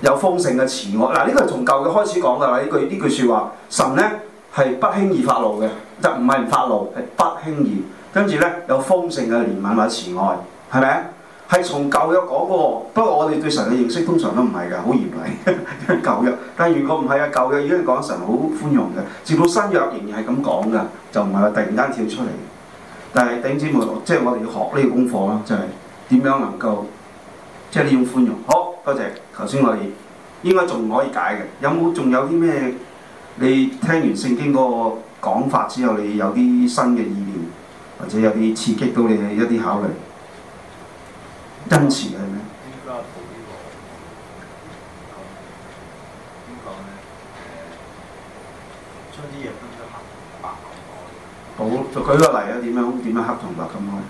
[SPEAKER 1] 有豐盛嘅慈愛。嗱，呢個係從舊約開始講噶啦。呢句呢句説話，神呢，係不輕易發怒嘅，就唔係唔發怒，係不輕易。跟住呢，有豐盛嘅憐憫或者慈愛，係咪啊？係從舊約講嗰個，不過我哋對神嘅認識通常都唔係㗎，好嚴厲因為舊約。但係如果唔係啊，舊約已經講神好寬容嘅，直到新約仍然係咁講㗎，就唔係話突然間跳出嚟。但係弟兄姊妹，即係我哋要學呢個功課咯，就係。點樣能夠即係呢種寬容？好，多謝。頭先我哋應該仲可以解嘅。有冇？仲有啲咩？你聽完聖經嗰個講法之後，你有啲新嘅意念，或者有啲刺激到你嘅一啲考慮？恩慈係咩？點解補呢個？咁點講咧？將啲嘢分咗黑同白。好，就舉個例啊？點樣點樣黑同白咁開？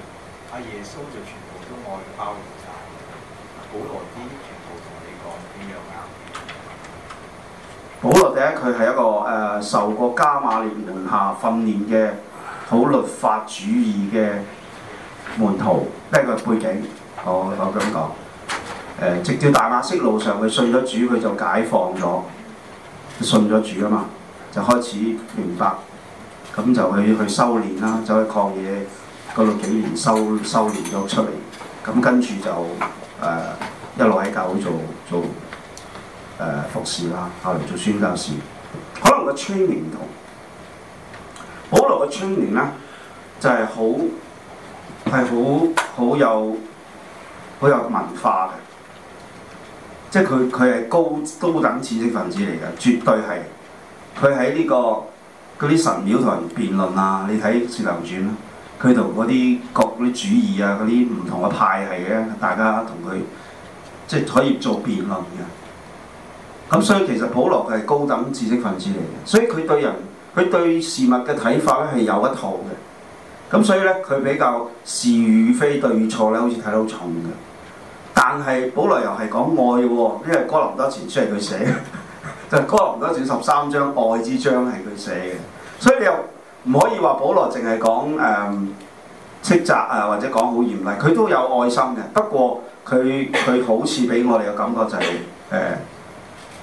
[SPEAKER 1] 阿耶穌就傳。外包人才，保羅啲全部同你講點樣啊？保羅第一，佢係一個誒、呃、受過加馬列門下訓練嘅好律法主義嘅門徒，呢個背景我我咁講誒，直到大馬色路上佢信咗主，佢就解放咗，信咗主啊嘛，就開始明白，咁就去去修煉啦，就去曠野嗰度幾年修，修修煉咗出嚟。咁跟住就誒、呃、一路喺教會做做誒、呃、服侍啦，後嚟做宣教士。可能個 training 唔同，保羅個 training 咧就係好係好好有好有文化嘅，即係佢佢係高高等知識分子嚟嘅，絕對係佢喺呢個嗰啲神廟同人辯論啊！你睇《舌頭傳》啊！佢同嗰啲各啲主義啊，嗰啲唔同嘅派系咧，大家同佢即係可以做辯論嘅。咁所以其實保羅係高等知識分子嚟嘅，所以佢對人佢對事物嘅睇法咧係有一套嘅。咁所以咧，佢比較是與非對與錯咧，好似睇得好重嘅。但係保羅又係講愛嘅喎、哦，因為《哥林多前書》係佢寫嘅， 就係《哥林多前》十三章《愛之章》係佢寫嘅，所以你又唔可以話保羅淨係講誒斥責啊，或者講好嚴厲，佢都有愛心嘅。不過佢佢好似俾我哋嘅感覺就係、是、誒、呃、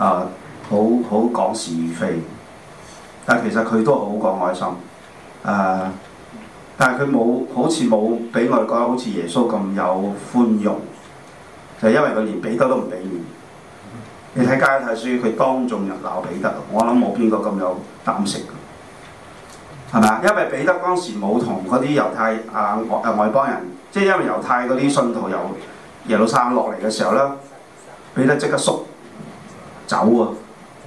[SPEAKER 1] 啊，好好講是非，但其實佢都好講愛心啊。但係佢冇好似冇俾我哋覺得好似耶穌咁有寬容，就是、因為佢連彼得都唔俾面。你睇加拉太書，佢當眾人鬧彼得，我諗冇邊個咁有膽識。係咪啊？因為彼得當時冇同嗰啲猶太啊外邦人，即係因為猶太嗰啲信徒由耶路撒冷落嚟嘅時候呢，彼得即刻縮走啊！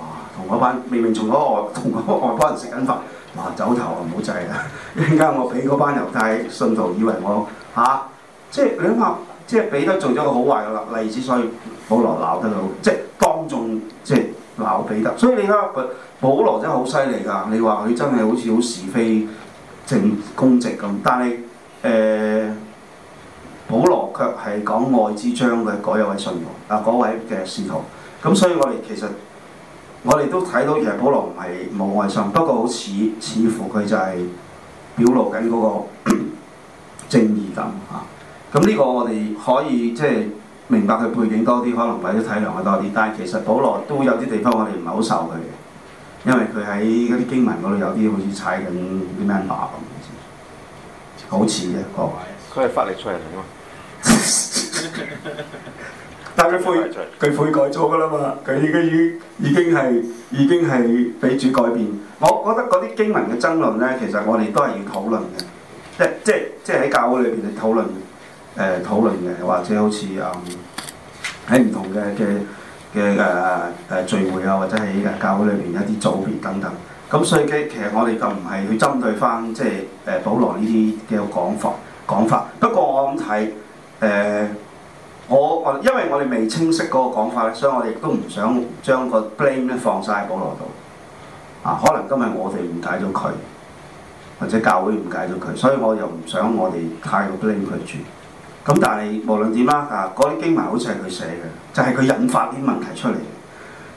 [SPEAKER 1] 哇，同嗰班明明從嗰外同嗰外邦人食緊飯，哇，走頭啊，唔好制啦！一陣間我俾嗰班猶太信徒以為我嚇、啊，即係你諗下，即係彼得做咗個好壞嘅例子，所以保羅鬧得到，即係當眾即係。鬧彼得，所以你而家保羅真係好犀利㗎！你話佢真係好似好是非正公直咁，但係誒、呃、保羅卻係講愛之章嘅嗰一位信徒啊，嗰位嘅使徒。咁所以我哋其實我哋都睇到，其實保羅唔係冇愛心，不過好似似乎佢就係表露緊嗰、那個 正義感啊。咁呢個我哋可以即係。明白佢背景多啲，可能或者體諒佢多啲。但係其實保羅都有啲地方，我哋唔係好受佢嘅，因為佢喺嗰啲經文嗰度有啲好似踩緊啲咩馬咁，好似好似嘅。各位，佢係法力出嚟嘅嘛，但係佢悔佢悔改咗㗎啦嘛，佢已經已經係已經係俾主改變。我覺得嗰啲經文嘅爭論呢，其實我哋都係要討論嘅，即即即喺教會裏邊嚟討論。誒討論嘅，或者好似嗯喺唔同嘅嘅嘅誒誒聚會啊，或者喺教會裏面一啲組別等等。咁所以嘅其實我哋就唔係去針對翻即係誒保羅呢啲嘅講法講法。不過我咁睇誒我，我因為我哋未清晰嗰個講法，所以我哋都唔想將個 blame 咧放晒喺保羅度啊。可能今日我哋誤解咗佢，或者教會誤解咗佢，所以我又唔想我哋太過 blame 佢住。咁但係無論點啦，啊嗰啲經文好似係佢寫嘅，就係、是、佢引發啲問題出嚟，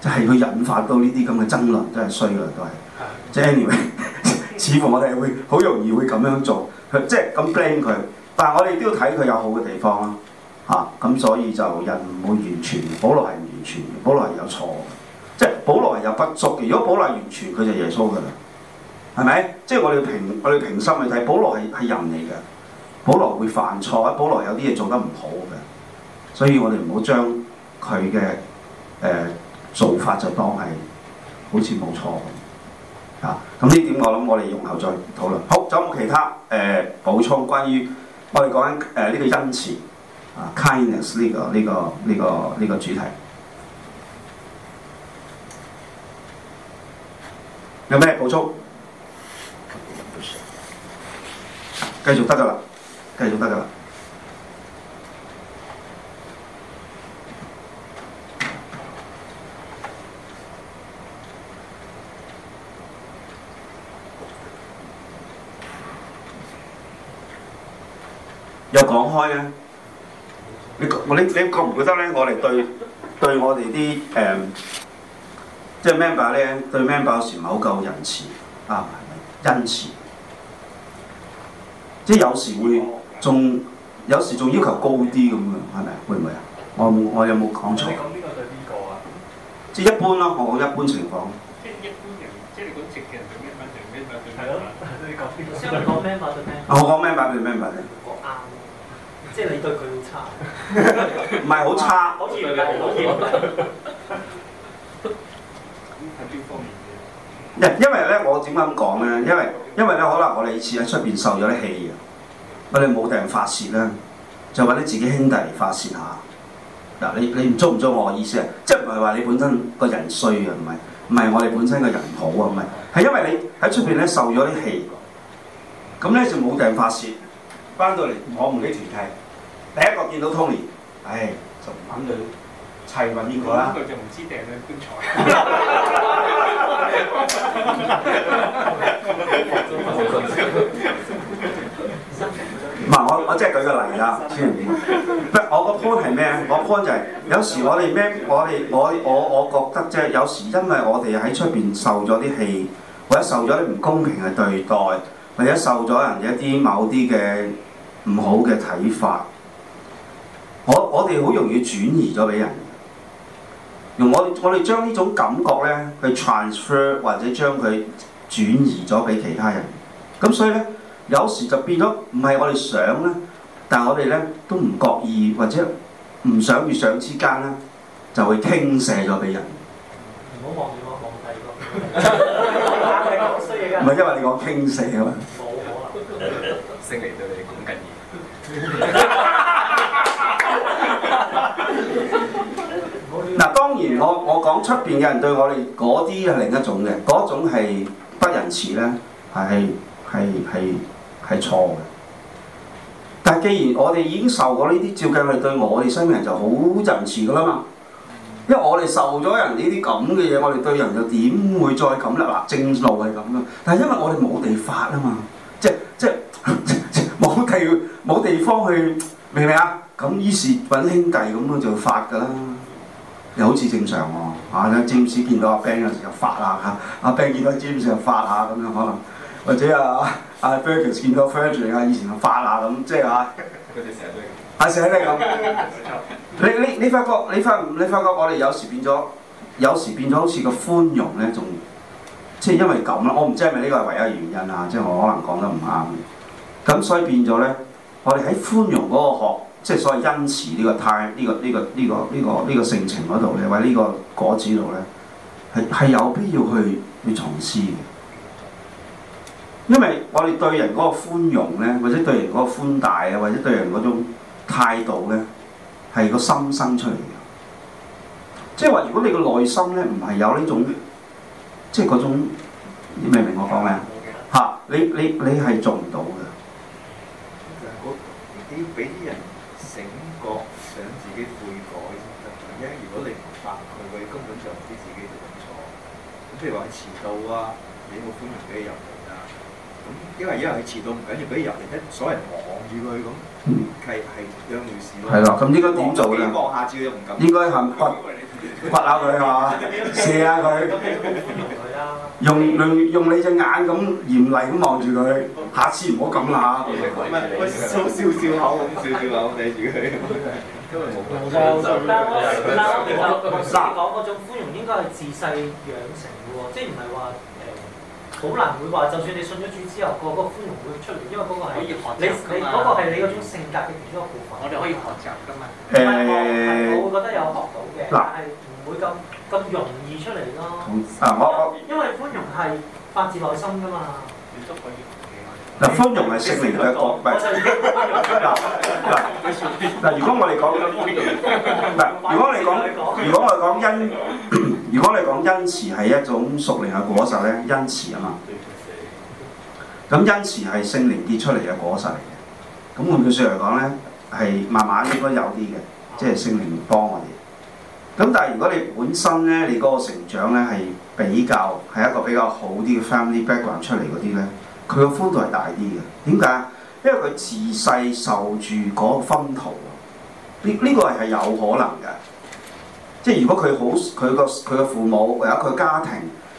[SPEAKER 1] 就係、是、佢引發到呢啲咁嘅爭論，真係衰噶都係。即係 anyway， 似乎我哋會好容易會咁樣做，即係咁 blame 佢。但係我哋都要睇佢有好嘅地方啦，啊咁所以就人唔會完全，保羅係唔完全嘅，保羅係有錯嘅，即係保羅係有不足嘅。如果保羅完全，佢就耶穌噶啦，係咪？即係我哋平我哋平心去睇，保羅係係人嚟嘅。保羅會犯錯，保羅有啲嘢做得唔好嘅，所以我哋唔好將佢嘅誒做法就當係好似冇錯啊！咁呢點我諗我哋容後再討論。好，仲有冇其他誒補充？關於我哋講緊誒呢個恩慈啊，kindness 呢個呢個呢個呢個主題有咩補充？繼續得㗎喇。繼續，大家啦。又講開咧，你我你你覺唔覺得咧？我哋對對我哋啲誒，即、呃、係、就是、member 咧，對 member 有時唔係好夠仁慈啊，係咪恩慈，即係有時會。仲有時仲要求高啲咁樣，係咪啊？會唔會啊？我冇，我有冇講錯？你講呢個對邊個啊？即係一般咯，我講一般情況。即係一般人，即係你講直嘅人對咩版對咩版對？係咯，你講邊個？
[SPEAKER 3] 先係講
[SPEAKER 2] 咩版
[SPEAKER 1] 對咩？我講咩版對咩版咧？講啱， 即係你對佢好差，唔係好差，好似唔係。係邊
[SPEAKER 4] 方
[SPEAKER 1] 面嘅？因為咧，我點解咁講咧？因為因為咧，可能我哋似喺出邊受咗啲氣啊。我哋冇訂發泄啦，就揾你自己兄弟嚟發泄下。嗱，你你唔捉唔捉我意思啊？即係唔係話你本身個人衰啊？唔係唔係我哋本身個人好啊？唔係，係因為你喺出邊咧受咗啲氣，咁咧就冇訂發泄，翻到嚟我哋團契，第一個見到 Tony，唉、哎，就唔肯去砌問呢個啦。佢就唔知
[SPEAKER 4] 訂喺棺材。
[SPEAKER 1] 唔係我，我即係舉個例啦。唔係我個 point 係咩？我，point，我 point 就係、是、有時我哋咩？我哋我我我覺得即係啫。有時因為我哋喺出邊受咗啲氣，或者受咗啲唔公平嘅對待，或者受咗人一啲某啲嘅唔好嘅睇法，我我哋好容易轉移咗俾人。用我我哋將呢種感覺咧去 transfer，或者將佢轉移咗俾其他人。咁所以咧。有時就變咗唔係我哋想咧，但係我哋咧都唔覺意或者唔想與想之間咧，就會傾瀉咗俾人。唔好望住我，望第二個。唔係因為你講傾瀉啊嘛。冇可能，
[SPEAKER 3] 成
[SPEAKER 1] 日對你講緊嘢。嗱，當然我我講出面嘅人對我哋嗰啲係另一種嘅，嗰種係不仁慈咧，係係係。係錯嘅，但係既然我哋已經受過呢啲照鏡，係對我哋身邊人就好仁慈噶啦嘛。因為我哋受咗人呢啲咁嘅嘢，我哋對人又點會再咁咧？嗱，正路係咁噶，但係因為我哋冇地發啊嘛，即係即係冇地冇地方去，明唔明啊？咁於是揾兄弟咁樣就發噶啦，又好似正常喎。啊，占士見到阿 Ben 嗰陣時發下嚇、啊，阿 Ben 見到占士又發下咁樣可能，或者啊～阿 f 見到 f e r 啊，以前同發爛咁，即係嚇。阿成日都係咁，你你你發覺，你發覺你發，發覺我哋有時變咗，有時變咗好似個寬容咧，仲即係因為咁啦。我唔知係咪呢個係唯一原因啊，即係我可能講得唔啱嘅。咁所以變咗咧，我哋喺寬容嗰個學，即係所謂恩慈呢個太呢個呢個呢個呢個呢個性情嗰度咧，為呢個果子度咧，係係有必要去去重思嘅。因為我哋對人嗰個寬容咧，或者對人嗰個寬大啊，或者對人嗰種態度咧，係個心生出嚟嘅。即係話，如果你個內心咧唔係有呢種，即係嗰種，你明唔明我講咩啊？嚇，你你你係做唔到嘅。就係嗰，你要俾啲人醒覺，想自己悔改先得。因
[SPEAKER 4] 為，如果你
[SPEAKER 1] 唔發佢，佢根本就唔知自己做緊錯。咁譬如話佢遲到啊，你冇寬容俾人。因為因為佢遲到唔緊要，俾人哋啲所有人望住佢咁，係係兩回事咯。係啦，咁應該點做咧？望下住唔敢。應該係掘掘下佢係嘛？射下佢。用用你隻眼咁嚴厲咁望住佢，下次唔好咁啦。笑笑口咁笑笑口，你自
[SPEAKER 4] 己因為冇冇原則。但我講嗰種
[SPEAKER 2] 寬容應該係自細養成嘅喎，即係唔係話？好難會話，就算你信咗主之後，個嗰個寬容會出嚟，因為嗰
[SPEAKER 1] 個係可以學習㗎嘛。嗰個係你嗰種性格嘅其中一部分。我哋可以學習㗎嘛？係我會覺得有學到嘅，但係唔會咁咁容易出嚟咯。啊，我我因為寬容係發自內心㗎嘛。亦都可以嗱，寬容係性別嚟講，唔係嗱，如果我哋講唔係如果你哋講，如果我哋講因。如果你講恩慈係一種屬靈嘅果實咧，恩慈啊嘛，咁恩慈係聖靈結出嚟嘅果實嚟嘅。咁換句説嚟講咧，係慢慢應該有啲嘅，即係聖靈幫我哋。咁但係如果你本身咧，你嗰個成長咧係比較係一個比較好啲嘅 family background 出嚟嗰啲咧，佢個寬度係大啲嘅。點解？因為佢自細受住嗰個薰陶，呢、這、呢個係有可能嘅。即係如果佢好，佢個佢個父母或者佢家庭，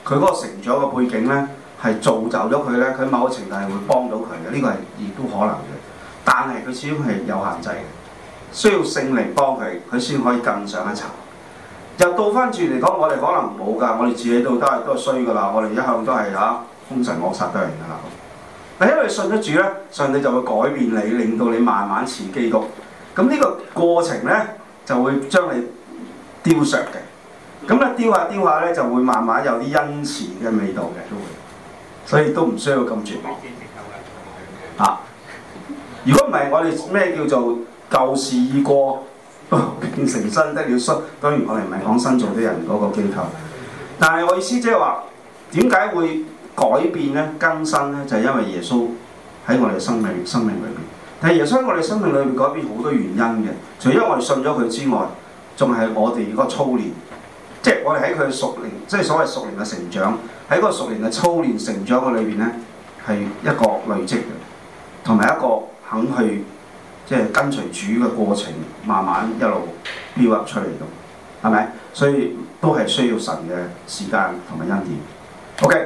[SPEAKER 1] 佢嗰個成長嘅背景呢，係造就咗佢呢佢某個程度係會幫到佢嘅。呢個係亦都可能嘅，但係佢始終係有限制嘅，需要聖靈幫佢，佢先可以更上一層。又倒翻轉嚟講，我哋可能冇㗎，我哋自己都都係都係衰㗎啦，我哋一向都係嚇凶神惡煞對人㗎啦。但因為信咗主呢，上帝就會改變你，令到你慢慢似基督。咁呢個過程呢，就會將你。雕塑嘅，咁咧雕下雕下咧就會慢慢有啲恩慈嘅味道嘅，都會，所以都唔需要咁絕望嚇。如果唔係我哋咩叫做舊事已過，變成新的了。雖當然我哋唔係講新造的人嗰個機構，但係我意思即係話點解會改變咧、更新咧？就係因為耶穌喺我哋生命、生命裏邊。但係耶穌喺我哋生命裏邊改變好多原因嘅，除咗我哋信咗佢之外，仲係我哋嗰個操練，即係我哋喺佢嘅熟練，即係所謂熟練嘅成長，喺嗰個熟練嘅操練成長嘅裏邊咧，係一個累積嘅，同埋一個肯去即係跟隨主嘅過程，慢慢一路 build up 出嚟咁，係咪？所以都係需要神嘅時間同埋恩典。OK，誒、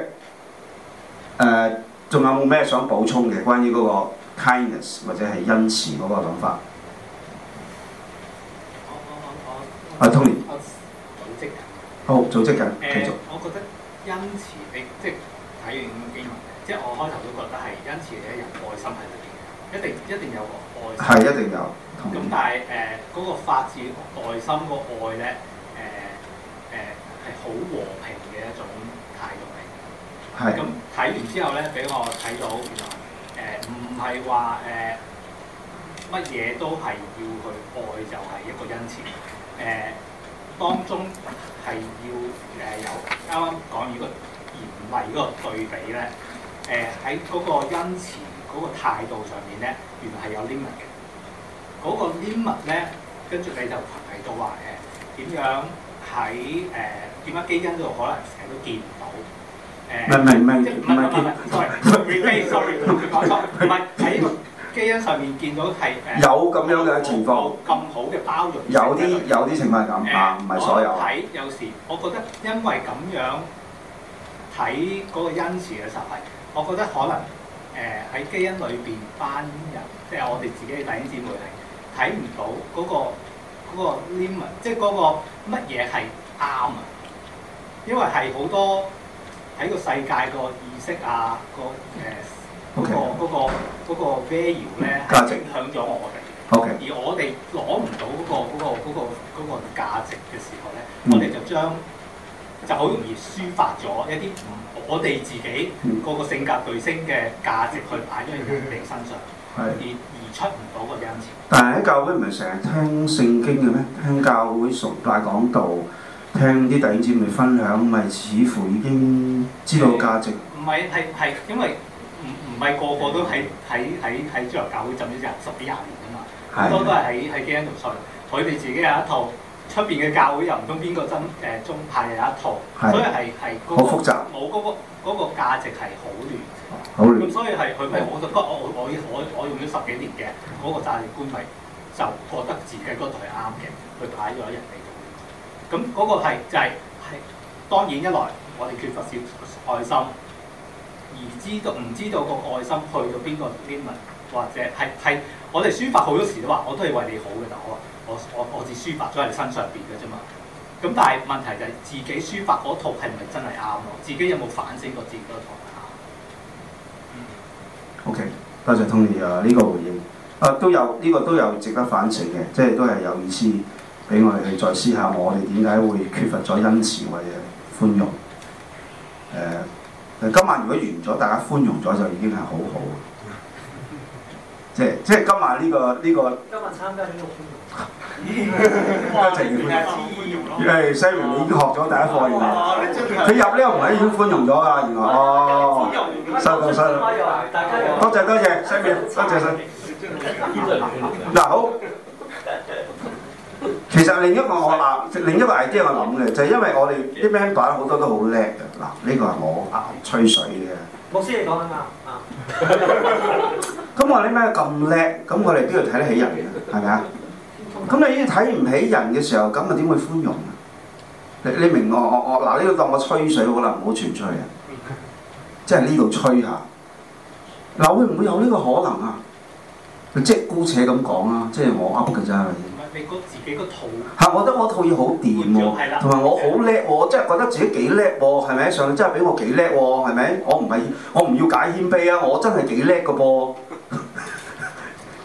[SPEAKER 1] 呃，仲有冇咩想補充嘅關於嗰個 kindness 或者係恩慈嗰個諗法？阿 Tony，我組織緊。好，組織緊，繼續。誒，我覺得恩慈咧，即係
[SPEAKER 4] 睇完咁即係我開頭都覺得係恩慈咧有愛心喺度嘅，一定一定有個愛。係，一定有。咁但係誒，嗰個發自內心個愛咧，誒誒係好和平嘅一種態度嚟。係。咁睇完之後咧，俾我睇到原來誒唔係話誒乜嘢都係要去愛就係一個恩慈。誒、嗯、當中係要誒有啱啱講呢個嚴厲嗰個對比咧，誒喺嗰個恩慈嗰、那個態度上面咧，原來係有 limit 嘅。嗰、那個 limit 咧，跟住你就提到話誒點樣喺誒點樣基因度可能成日都見唔到誒，唔係唔係唔係唔係唔係，sorry，唔係唔係。基恩上面見到係誒有
[SPEAKER 1] 咁樣嘅情況，
[SPEAKER 4] 咁、呃、好嘅包容有，有啲
[SPEAKER 1] 有啲情況係咁啊，唔係、呃、所有我睇
[SPEAKER 4] 有時，我覺得因為咁樣睇嗰個恩慈嘅時候我覺得可能誒喺、呃、基恩裏邊班人，即係我哋自己嘅弟兄姊妹係睇唔到嗰、嗰個 limit，嗰個、即係嗰個乜嘢係啱啊？因為係好多喺個世界個意識啊，個誒。呃嗰個、嗰個、嗰個 value 咧，係影響咗我哋價值，而我哋攞唔到嗰個、嗰個、嗰個、嗰個價值嘅時候咧，我哋就將就好容易抒發咗一啲我哋自己個、嗰個性格巨星嘅價值，去擺咗喺人哋
[SPEAKER 1] 身上，嗯、而而出唔到個恩慈。但係喺教會唔係成日聽聖經嘅咩？聽教會崇拜講道，聽啲弟兄姊妹分享，咪似乎已經知道價值？
[SPEAKER 4] 唔係係係因為。唔係個個都喺喺喺喺主流教會浸咗成十幾廿年㗎嘛，好的多都係喺喺基恩度信，佢哋自己有一套，出邊嘅教會又唔通邊個真誒宗、呃、派有一套，的所以係好嗰個冇嗰複、那個嗰、那個那個、價值係好亂，亂，咁所以係佢咪好多，不、嗯、我我我我用咗十幾年嘅嗰個價值觀，咪就覺得自己嗰度係啱嘅，去擺咗人哋度。咁、那、嗰個係就係、是、係、就是、當然一來我哋缺乏少愛心。而知道唔知道個愛心去到邊個邊度，或者係係我哋抒發好多時都話，我都係為你好嘅，但我我我我只抒發咗喺你身上邊嘅啫嘛。咁但係問題就係自己抒發嗰套係咪真係啱咯？自己有冇反省過自己嗰套
[SPEAKER 1] ？OK，多謝 Tony 啊，呢個回應啊都有呢個都有值得反省嘅，即係都係有意思俾我哋去再思考，我哋點解會缺乏咗恩慈或者寬容誒？呃今晚如果完咗，大家寬容咗就已經係好好即係即係今晚呢個呢個。這個、今晚參加幾
[SPEAKER 2] 多
[SPEAKER 1] 分鐘？一直寬容。因為西面已經學咗第一課，原來佢入呢個門已經寬容咗喇！原來哦，收到收到，多謝多謝西面，多謝西面。嗱好。其實另一個我諗，另一個 idea 我諗嘅，就係、是、因為我哋啲 member 好多都好叻嘅。嗱，呢個係我吹水嘅。牧師你講啊嘛。咁我話你咩咁叻？咁我哋邊度睇得起人嘅？係咪啊？咁你睇唔起人嘅時候，咁啊點會寬容啊？你你明我我我嗱呢個當我吹水好啦，唔好傳出去啊，即係呢度吹下。嗱，會唔會有呢個可能啊？即係姑且咁講啦，即係我噏嘅啫。你覺得自己個套？嚇、啊！我覺得我套要好掂喎，同埋了我好叻喎，我真係覺得自己幾叻喎，係咪？神真係俾我幾叻喎，係咪？我唔係我唔要解謙卑啊！我真係幾叻嘅噃，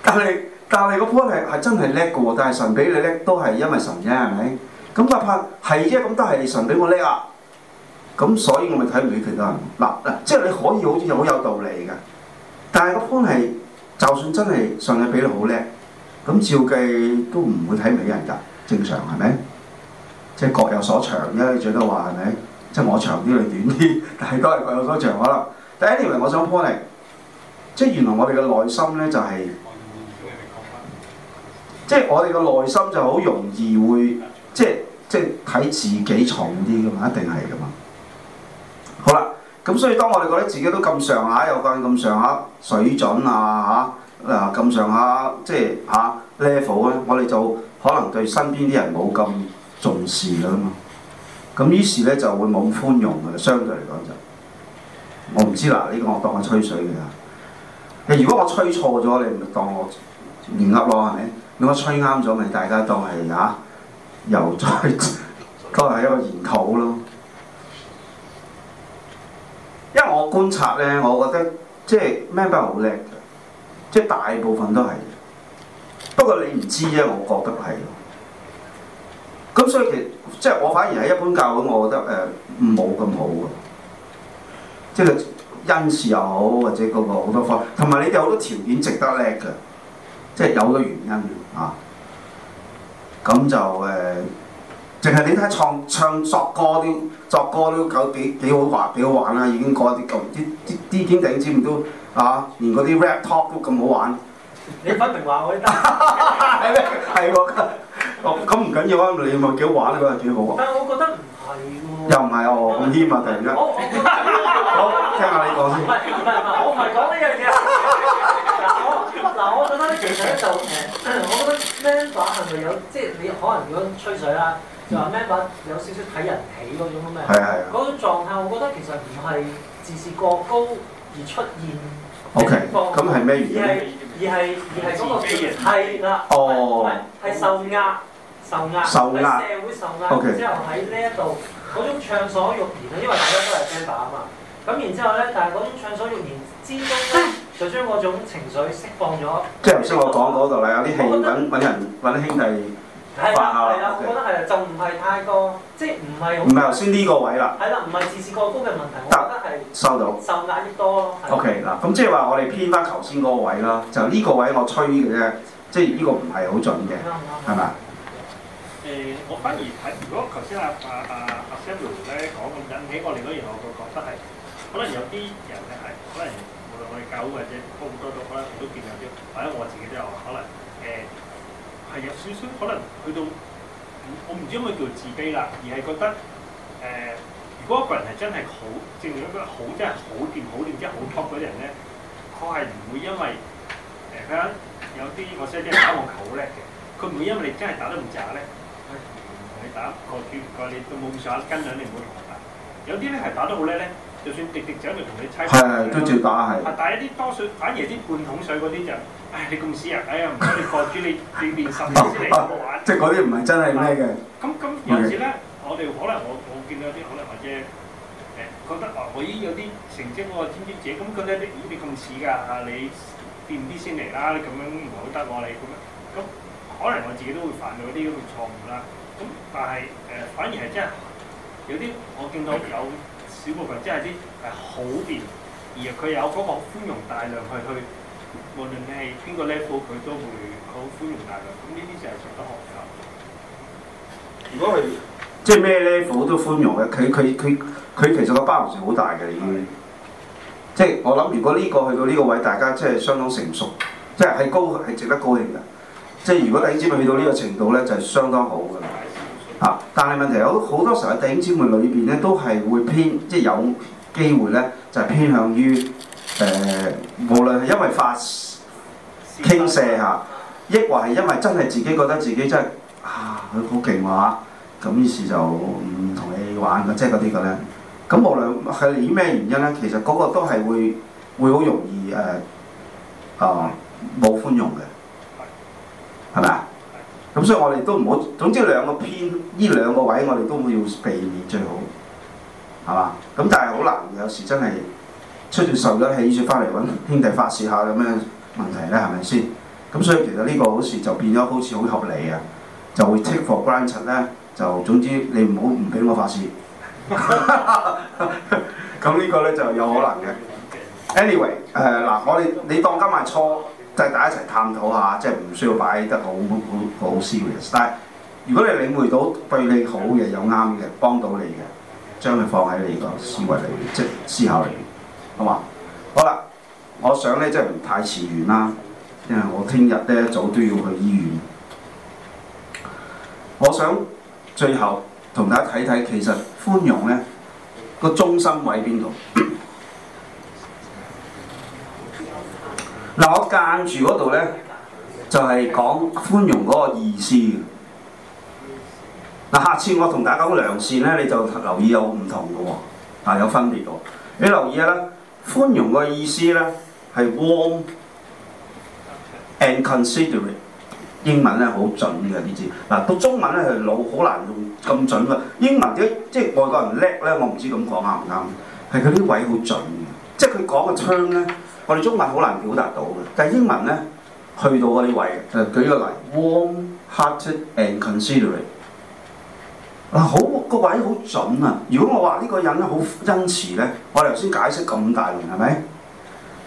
[SPEAKER 1] 但係但係個 point 係係真係叻嘅喎，但係神俾你叻、啊、都係因為神啫，係咪？咁哪拍，係啫，咁都係神俾我叻啊！咁所以我咪睇唔起其他人嗱嗱，即係、嗯啊就是、你可以好似好有道理㗎，但係個 point 係就算真係上帝俾你好叻。咁照計都唔會睇唔起人㗎，正常係咪？即係各有所長啫，最多話係咪？即係我長啲，你短啲，但係都係各有所長。可能第一條人我想 pointing，即係原來我哋嘅內心呢，就係，即係我哋嘅內心就好容易會，即係即睇自己重啲㗎嘛，一定係㗎嘛。好啦，咁所以當我哋覺得自己都咁上下，又發現咁上下水準啊嚇。嗱咁上下，即係嚇、啊、level 咧，我哋就可能對身邊啲人冇咁重視啦嘛。咁、啊、於是呢，就會冇咁寬容，相對嚟講就我唔知啦。呢、這個我當我吹水嘅。你如果我吹錯咗，你咪當我唔噏咯，係咪？如果吹啱咗，咪大家當係嚇，又再都係一個研討咯。因為我觀察呢，我覺得即係咩都係好叻。即係大部分都係，不過你唔知啫，我覺得係。咁所以其實即係我反而喺一般教會，我覺得誒冇咁好喎。即係恩慈又好，或者嗰個好多方，同埋你哋好多條件值得叻㗎，即係有個原因啊。咁就誒，淨係你睇唱唱作歌啲作歌都夠幾幾好話幾好玩啊。已經嗰啲咁啲啲經典之唔都。啊！連嗰啲 rap talk 都咁好玩，你不停話我，得？係咩？係喎，咁唔緊要啊！你咪幾好玩咯，幾好啊！但係我覺得唔係喎，又唔係哦，咁謙啊突然間，好聽下你講先，唔係唔係，我唔係講呢樣嘢，嗱我嗱我覺得咧，其實咧就誒，我覺得 man 板係咪有即係你可能如果吹水啦，就話 man 有少少睇人起嗰種咩？嘅，嗰
[SPEAKER 2] 種狀態，我覺得其實唔係自視過高而出現。O K. 咁係咩原因？而係而係而係嗰個，係啦。哦，係受壓，受壓，受壓。社會受壓。O K. 然之後喺呢一度嗰種暢所欲言啊，因為大家都係 gentle 啊嘛。咁然之後咧，但係嗰種暢所欲言之中咧， 就將嗰種情緒釋放咗。
[SPEAKER 1] 即係頭先我講嗰度啦，有啲氣揾揾人揾啲兄弟。
[SPEAKER 2] 係啊，係啊，我覺得係啊，就唔係太過，即係唔係唔係頭先
[SPEAKER 1] 呢個位啦。係啦，
[SPEAKER 2] 唔係自視過高嘅問題。但我覺得，受到。受壓越多
[SPEAKER 1] 咯。O K 嗱，咁、okay, 即係話我哋偏翻頭先嗰個位咯，就呢個位我吹嘅啫，即係呢個唔係好準嘅，係咪？誒吧、呃，我反而睇，如果頭先阿阿阿阿 Samuel 咧講咁引起我哋另外一個覺得係，可能有啲人咧係可能無論我
[SPEAKER 3] 哋狗或者高多帥都可能都見有啲，或、哎、者我自己都有可能誒。呃呃呃係有少少可能去到，我唔知可唔可以叫自卑啦，而係覺得誒、呃，如果一個人係真係好，正如一個好，真係好掂好掂，即係好 top 嗰啲人咧，佢係唔會因為誒佢、呃、有啲我識啲人打網球好叻嘅，佢唔會因為你真係打得唔渣咧，唔同 你打個主唔你都冇咁上下斤兩，你唔好同我打。有啲咧係打得好叻咧。就算滴滴就一樣同你猜，係係都照打係。啊，但係一啲多水，反而啲半桶水嗰啲就，唉，你咁屎人，唉呀，唔該你防住你練練十次先嚟好玩。
[SPEAKER 1] 即係嗰啲唔係真係咩嘅。
[SPEAKER 3] 咁咁，有陣時咧，我哋可能我我見到啲可能或者誒覺得我已經有啲成績，我嘅尖擊者，咁佢咧呢你咁似㗎，啊你練啲先嚟啦，你咁樣唔好得喎你咁，咁可能我自己都會犯到啲咁嘅錯誤啦。咁但係誒，反而係真係有啲我見到有。
[SPEAKER 1] 小部分即係啲係好嘅，而佢有嗰個寬容大量去去，無論你係邊個 level，佢都會好寬容大量。咁呢啲就係值得學習。如果係即係咩 level 都寬容嘅，佢佢佢佢其實個包容性好大嘅。已經的即係我諗，如果呢、這個去到呢個位，大家即係相當成熟，即係係高係值得高興嘅。即係如果你知咪去到呢個程度咧，就係、是、相當好嘅。啊！但係問題有好多時候喺弟兄姊妹裏邊呢，都係會偏，即有機會呢就係、是、偏向於誒、呃，無論係因為發傾卸嚇，抑或係因為真係自己覺得自己真係啊好勁啊嚇，咁於是就唔同你玩嘅，即嗰啲嘅呢，咁無論係你咩原因呢，其實嗰個都係會會好容易誒啊冇寬容嘅，係咪啊？咁所以我哋都唔好，總之兩個偏呢兩個位，我哋都要避免最好，係嘛？咁但係好難，有時真係出去受咗氣，係依住翻嚟搵兄弟發泄下有咩問題呢？係咪先？咁所以其實呢個好似就變咗好似好合理啊，就會 take for granted 呢。就總之你唔好唔俾我發泄，咁 呢個呢就有可能嘅。Anyway，誒、呃、嗱，我哋，你當今日錯。即係大家一齊探討下，即係唔需要擺得好好好 serious。但係如果你領會到對你好嘅、有啱嘅、幫到你嘅，將佢放喺你個思維裏面，即係思考裏面，好嘛？好啦，我想咧即係唔太遲完啦，因為我聽日咧早都要去醫院。我想最後同大家睇睇，其實寬容咧個中心位喺邊度？嗱，我間住嗰度咧，就係講寬容嗰個意思。嗱，下次我同大家講良善咧，你就留意有唔同嘅喎，嗱，有分別喎。你留意下咧，寬容嘅意思咧係 warm and considerate。英文咧好準嘅啲字，嗱，到中文咧係老好難用咁準嘅。英文啲，即係外國人叻咧？我唔知咁講啱唔啱，係佢啲位好準嘅，即係佢講嘅槍咧。我哋中文好難表達到嘅，但係英文咧去到嗰啲位嘅，就舉個例，warm-hearted and considerate。嗱、啊，好，個位好準啊！如果我話呢個人咧好恩慈咧，我哋頭先解釋咁大輪係咪？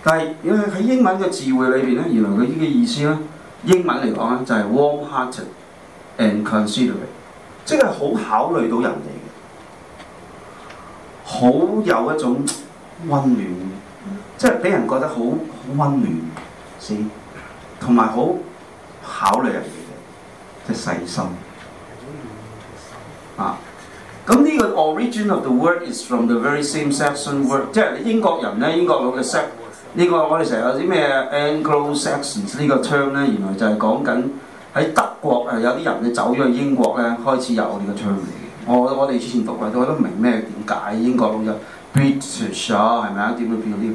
[SPEAKER 1] 但係喺英文嘅字匯裏邊咧，原來佢呢個意思咧，英文嚟講咧就係 warm-hearted and considerate，即係好考慮到人哋嘅，好有一種温暖。即係俾人覺得好好温暖先，同埋好考慮人哋嘅即係細心啊！咁呢個 origin of the word is from the very same Saxon word，即係英國人咧，英國佬嘅 Saxon。呢個我哋成日有啲咩 Anglo-Saxons 呢個 term 咧，原來就係講緊喺德國誒有啲人咧走咗去英國咧，開始有呢個 term 嚟嘅。我我哋之前讀嚟都唔明咩點解英國佬有 British 啊，係咪啊？點解變咗啲？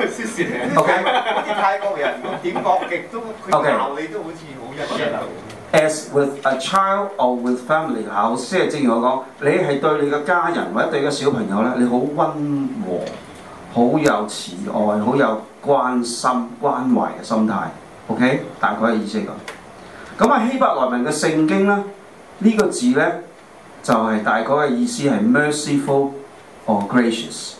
[SPEAKER 1] O K，啲泰國人點講極都佢鬧你都好似好忍耐。As with a child or with family，即係正如我講，你係對你嘅家人或者對你嘅小朋友咧，你好温和，好有慈愛，好有關心關懷嘅心態。O、okay? K，大概嘅意思咁。咁啊希伯來文嘅聖經咧，呢、這個字咧就係、是、大概嘅意思係 merciful or gracious。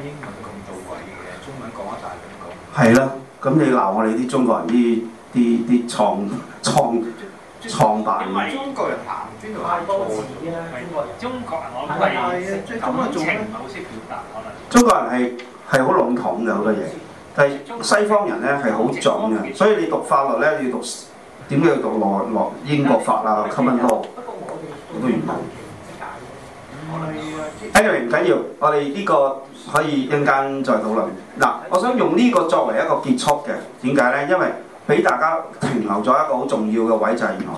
[SPEAKER 4] 英文咁到
[SPEAKER 1] 位嘅，中文講一大兩係啦，咁你鬧我哋啲中國人啲啲啲創創創辦中國人談邊中國
[SPEAKER 4] 人，中係好識講。係啊，咁
[SPEAKER 1] 表達中國人係係好籠統嘅好多嘢，但係西方人咧係好準嘅，所以你讀法律咧要讀點解要讀內內英國法啊，common law。不過我哋都唔知解嘅，我哋。哎呀，唔緊要，我哋呢個。可以一陣間再討論嗱，我想用呢個作為一個結束嘅點解呢？因為俾大家停留咗一個好重要嘅位就係、是、原來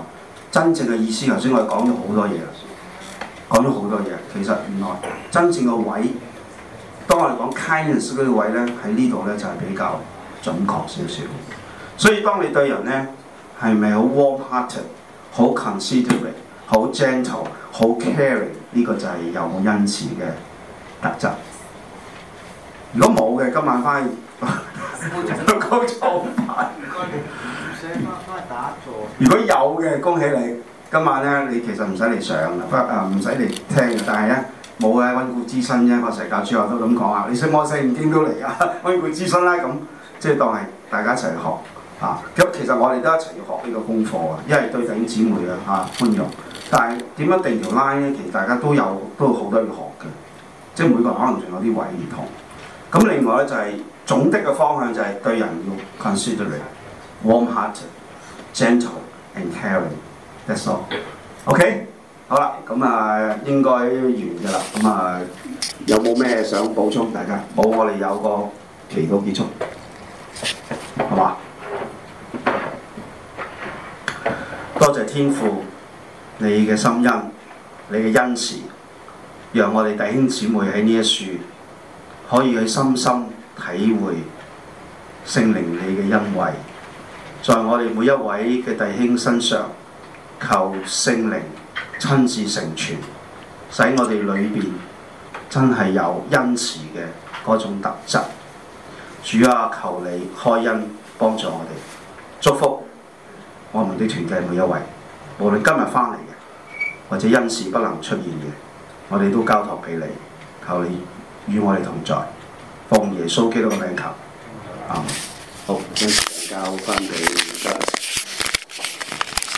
[SPEAKER 1] 真正嘅意思。頭先我哋講咗好多嘢啦，講咗好多嘢。其實原來真正嘅位，當我哋講 kindness 呢個位呢，喺呢度呢，就係比較準確少少。所以當你對人呢，係咪好 warm-hearted，好 considerate，好 gentle，好 caring，呢個就係有恩慈嘅特質。如果冇嘅，今晚翻去。高造牌，唔該你唔使翻翻打坐。如果有嘅，恭喜你。今晚呢，你其實唔使嚟上啦，啊唔使嚟聽嘅。但係呢，冇嘅温故知新啫。我，我世界主我都咁講啊，你想我，世唔見都嚟啊？温故知新啦，咁即係當係大家一齊學啊。咁其實我哋都一齊要學呢個功課啊，因為對弟兄姊妹啊嚇寬容，但係點樣定條線呢？其實大家都有都好多要學嘅，即係每個人可能仲有啲位唔同。咁另外咧就係、是、總的個方向就係對人要 considerate warm heart、hearted, gentle、and caring. That's all。OK，好啦，咁啊應該完㗎啦。咁啊有冇咩想補充？大家冇，我哋有個祈禱結束，好嘛？多謝天父，你嘅心恩，你嘅恩慈，讓我哋弟兄姊妹喺呢一樹，可以去深深體會聖靈你嘅恩惠，在我哋每一位嘅弟兄身上，求聖靈親自成全，使我哋裏邊真係有恩慈嘅嗰種特質。主啊，求你開恩幫助我哋，祝福我們啲團契每一位，無論今日翻嚟嘅，或者因事不能出現嘅，我哋都交託俾你，求你。與我哋同在，奉耶穌基督嘅名求。啊，好，將時間交翻俾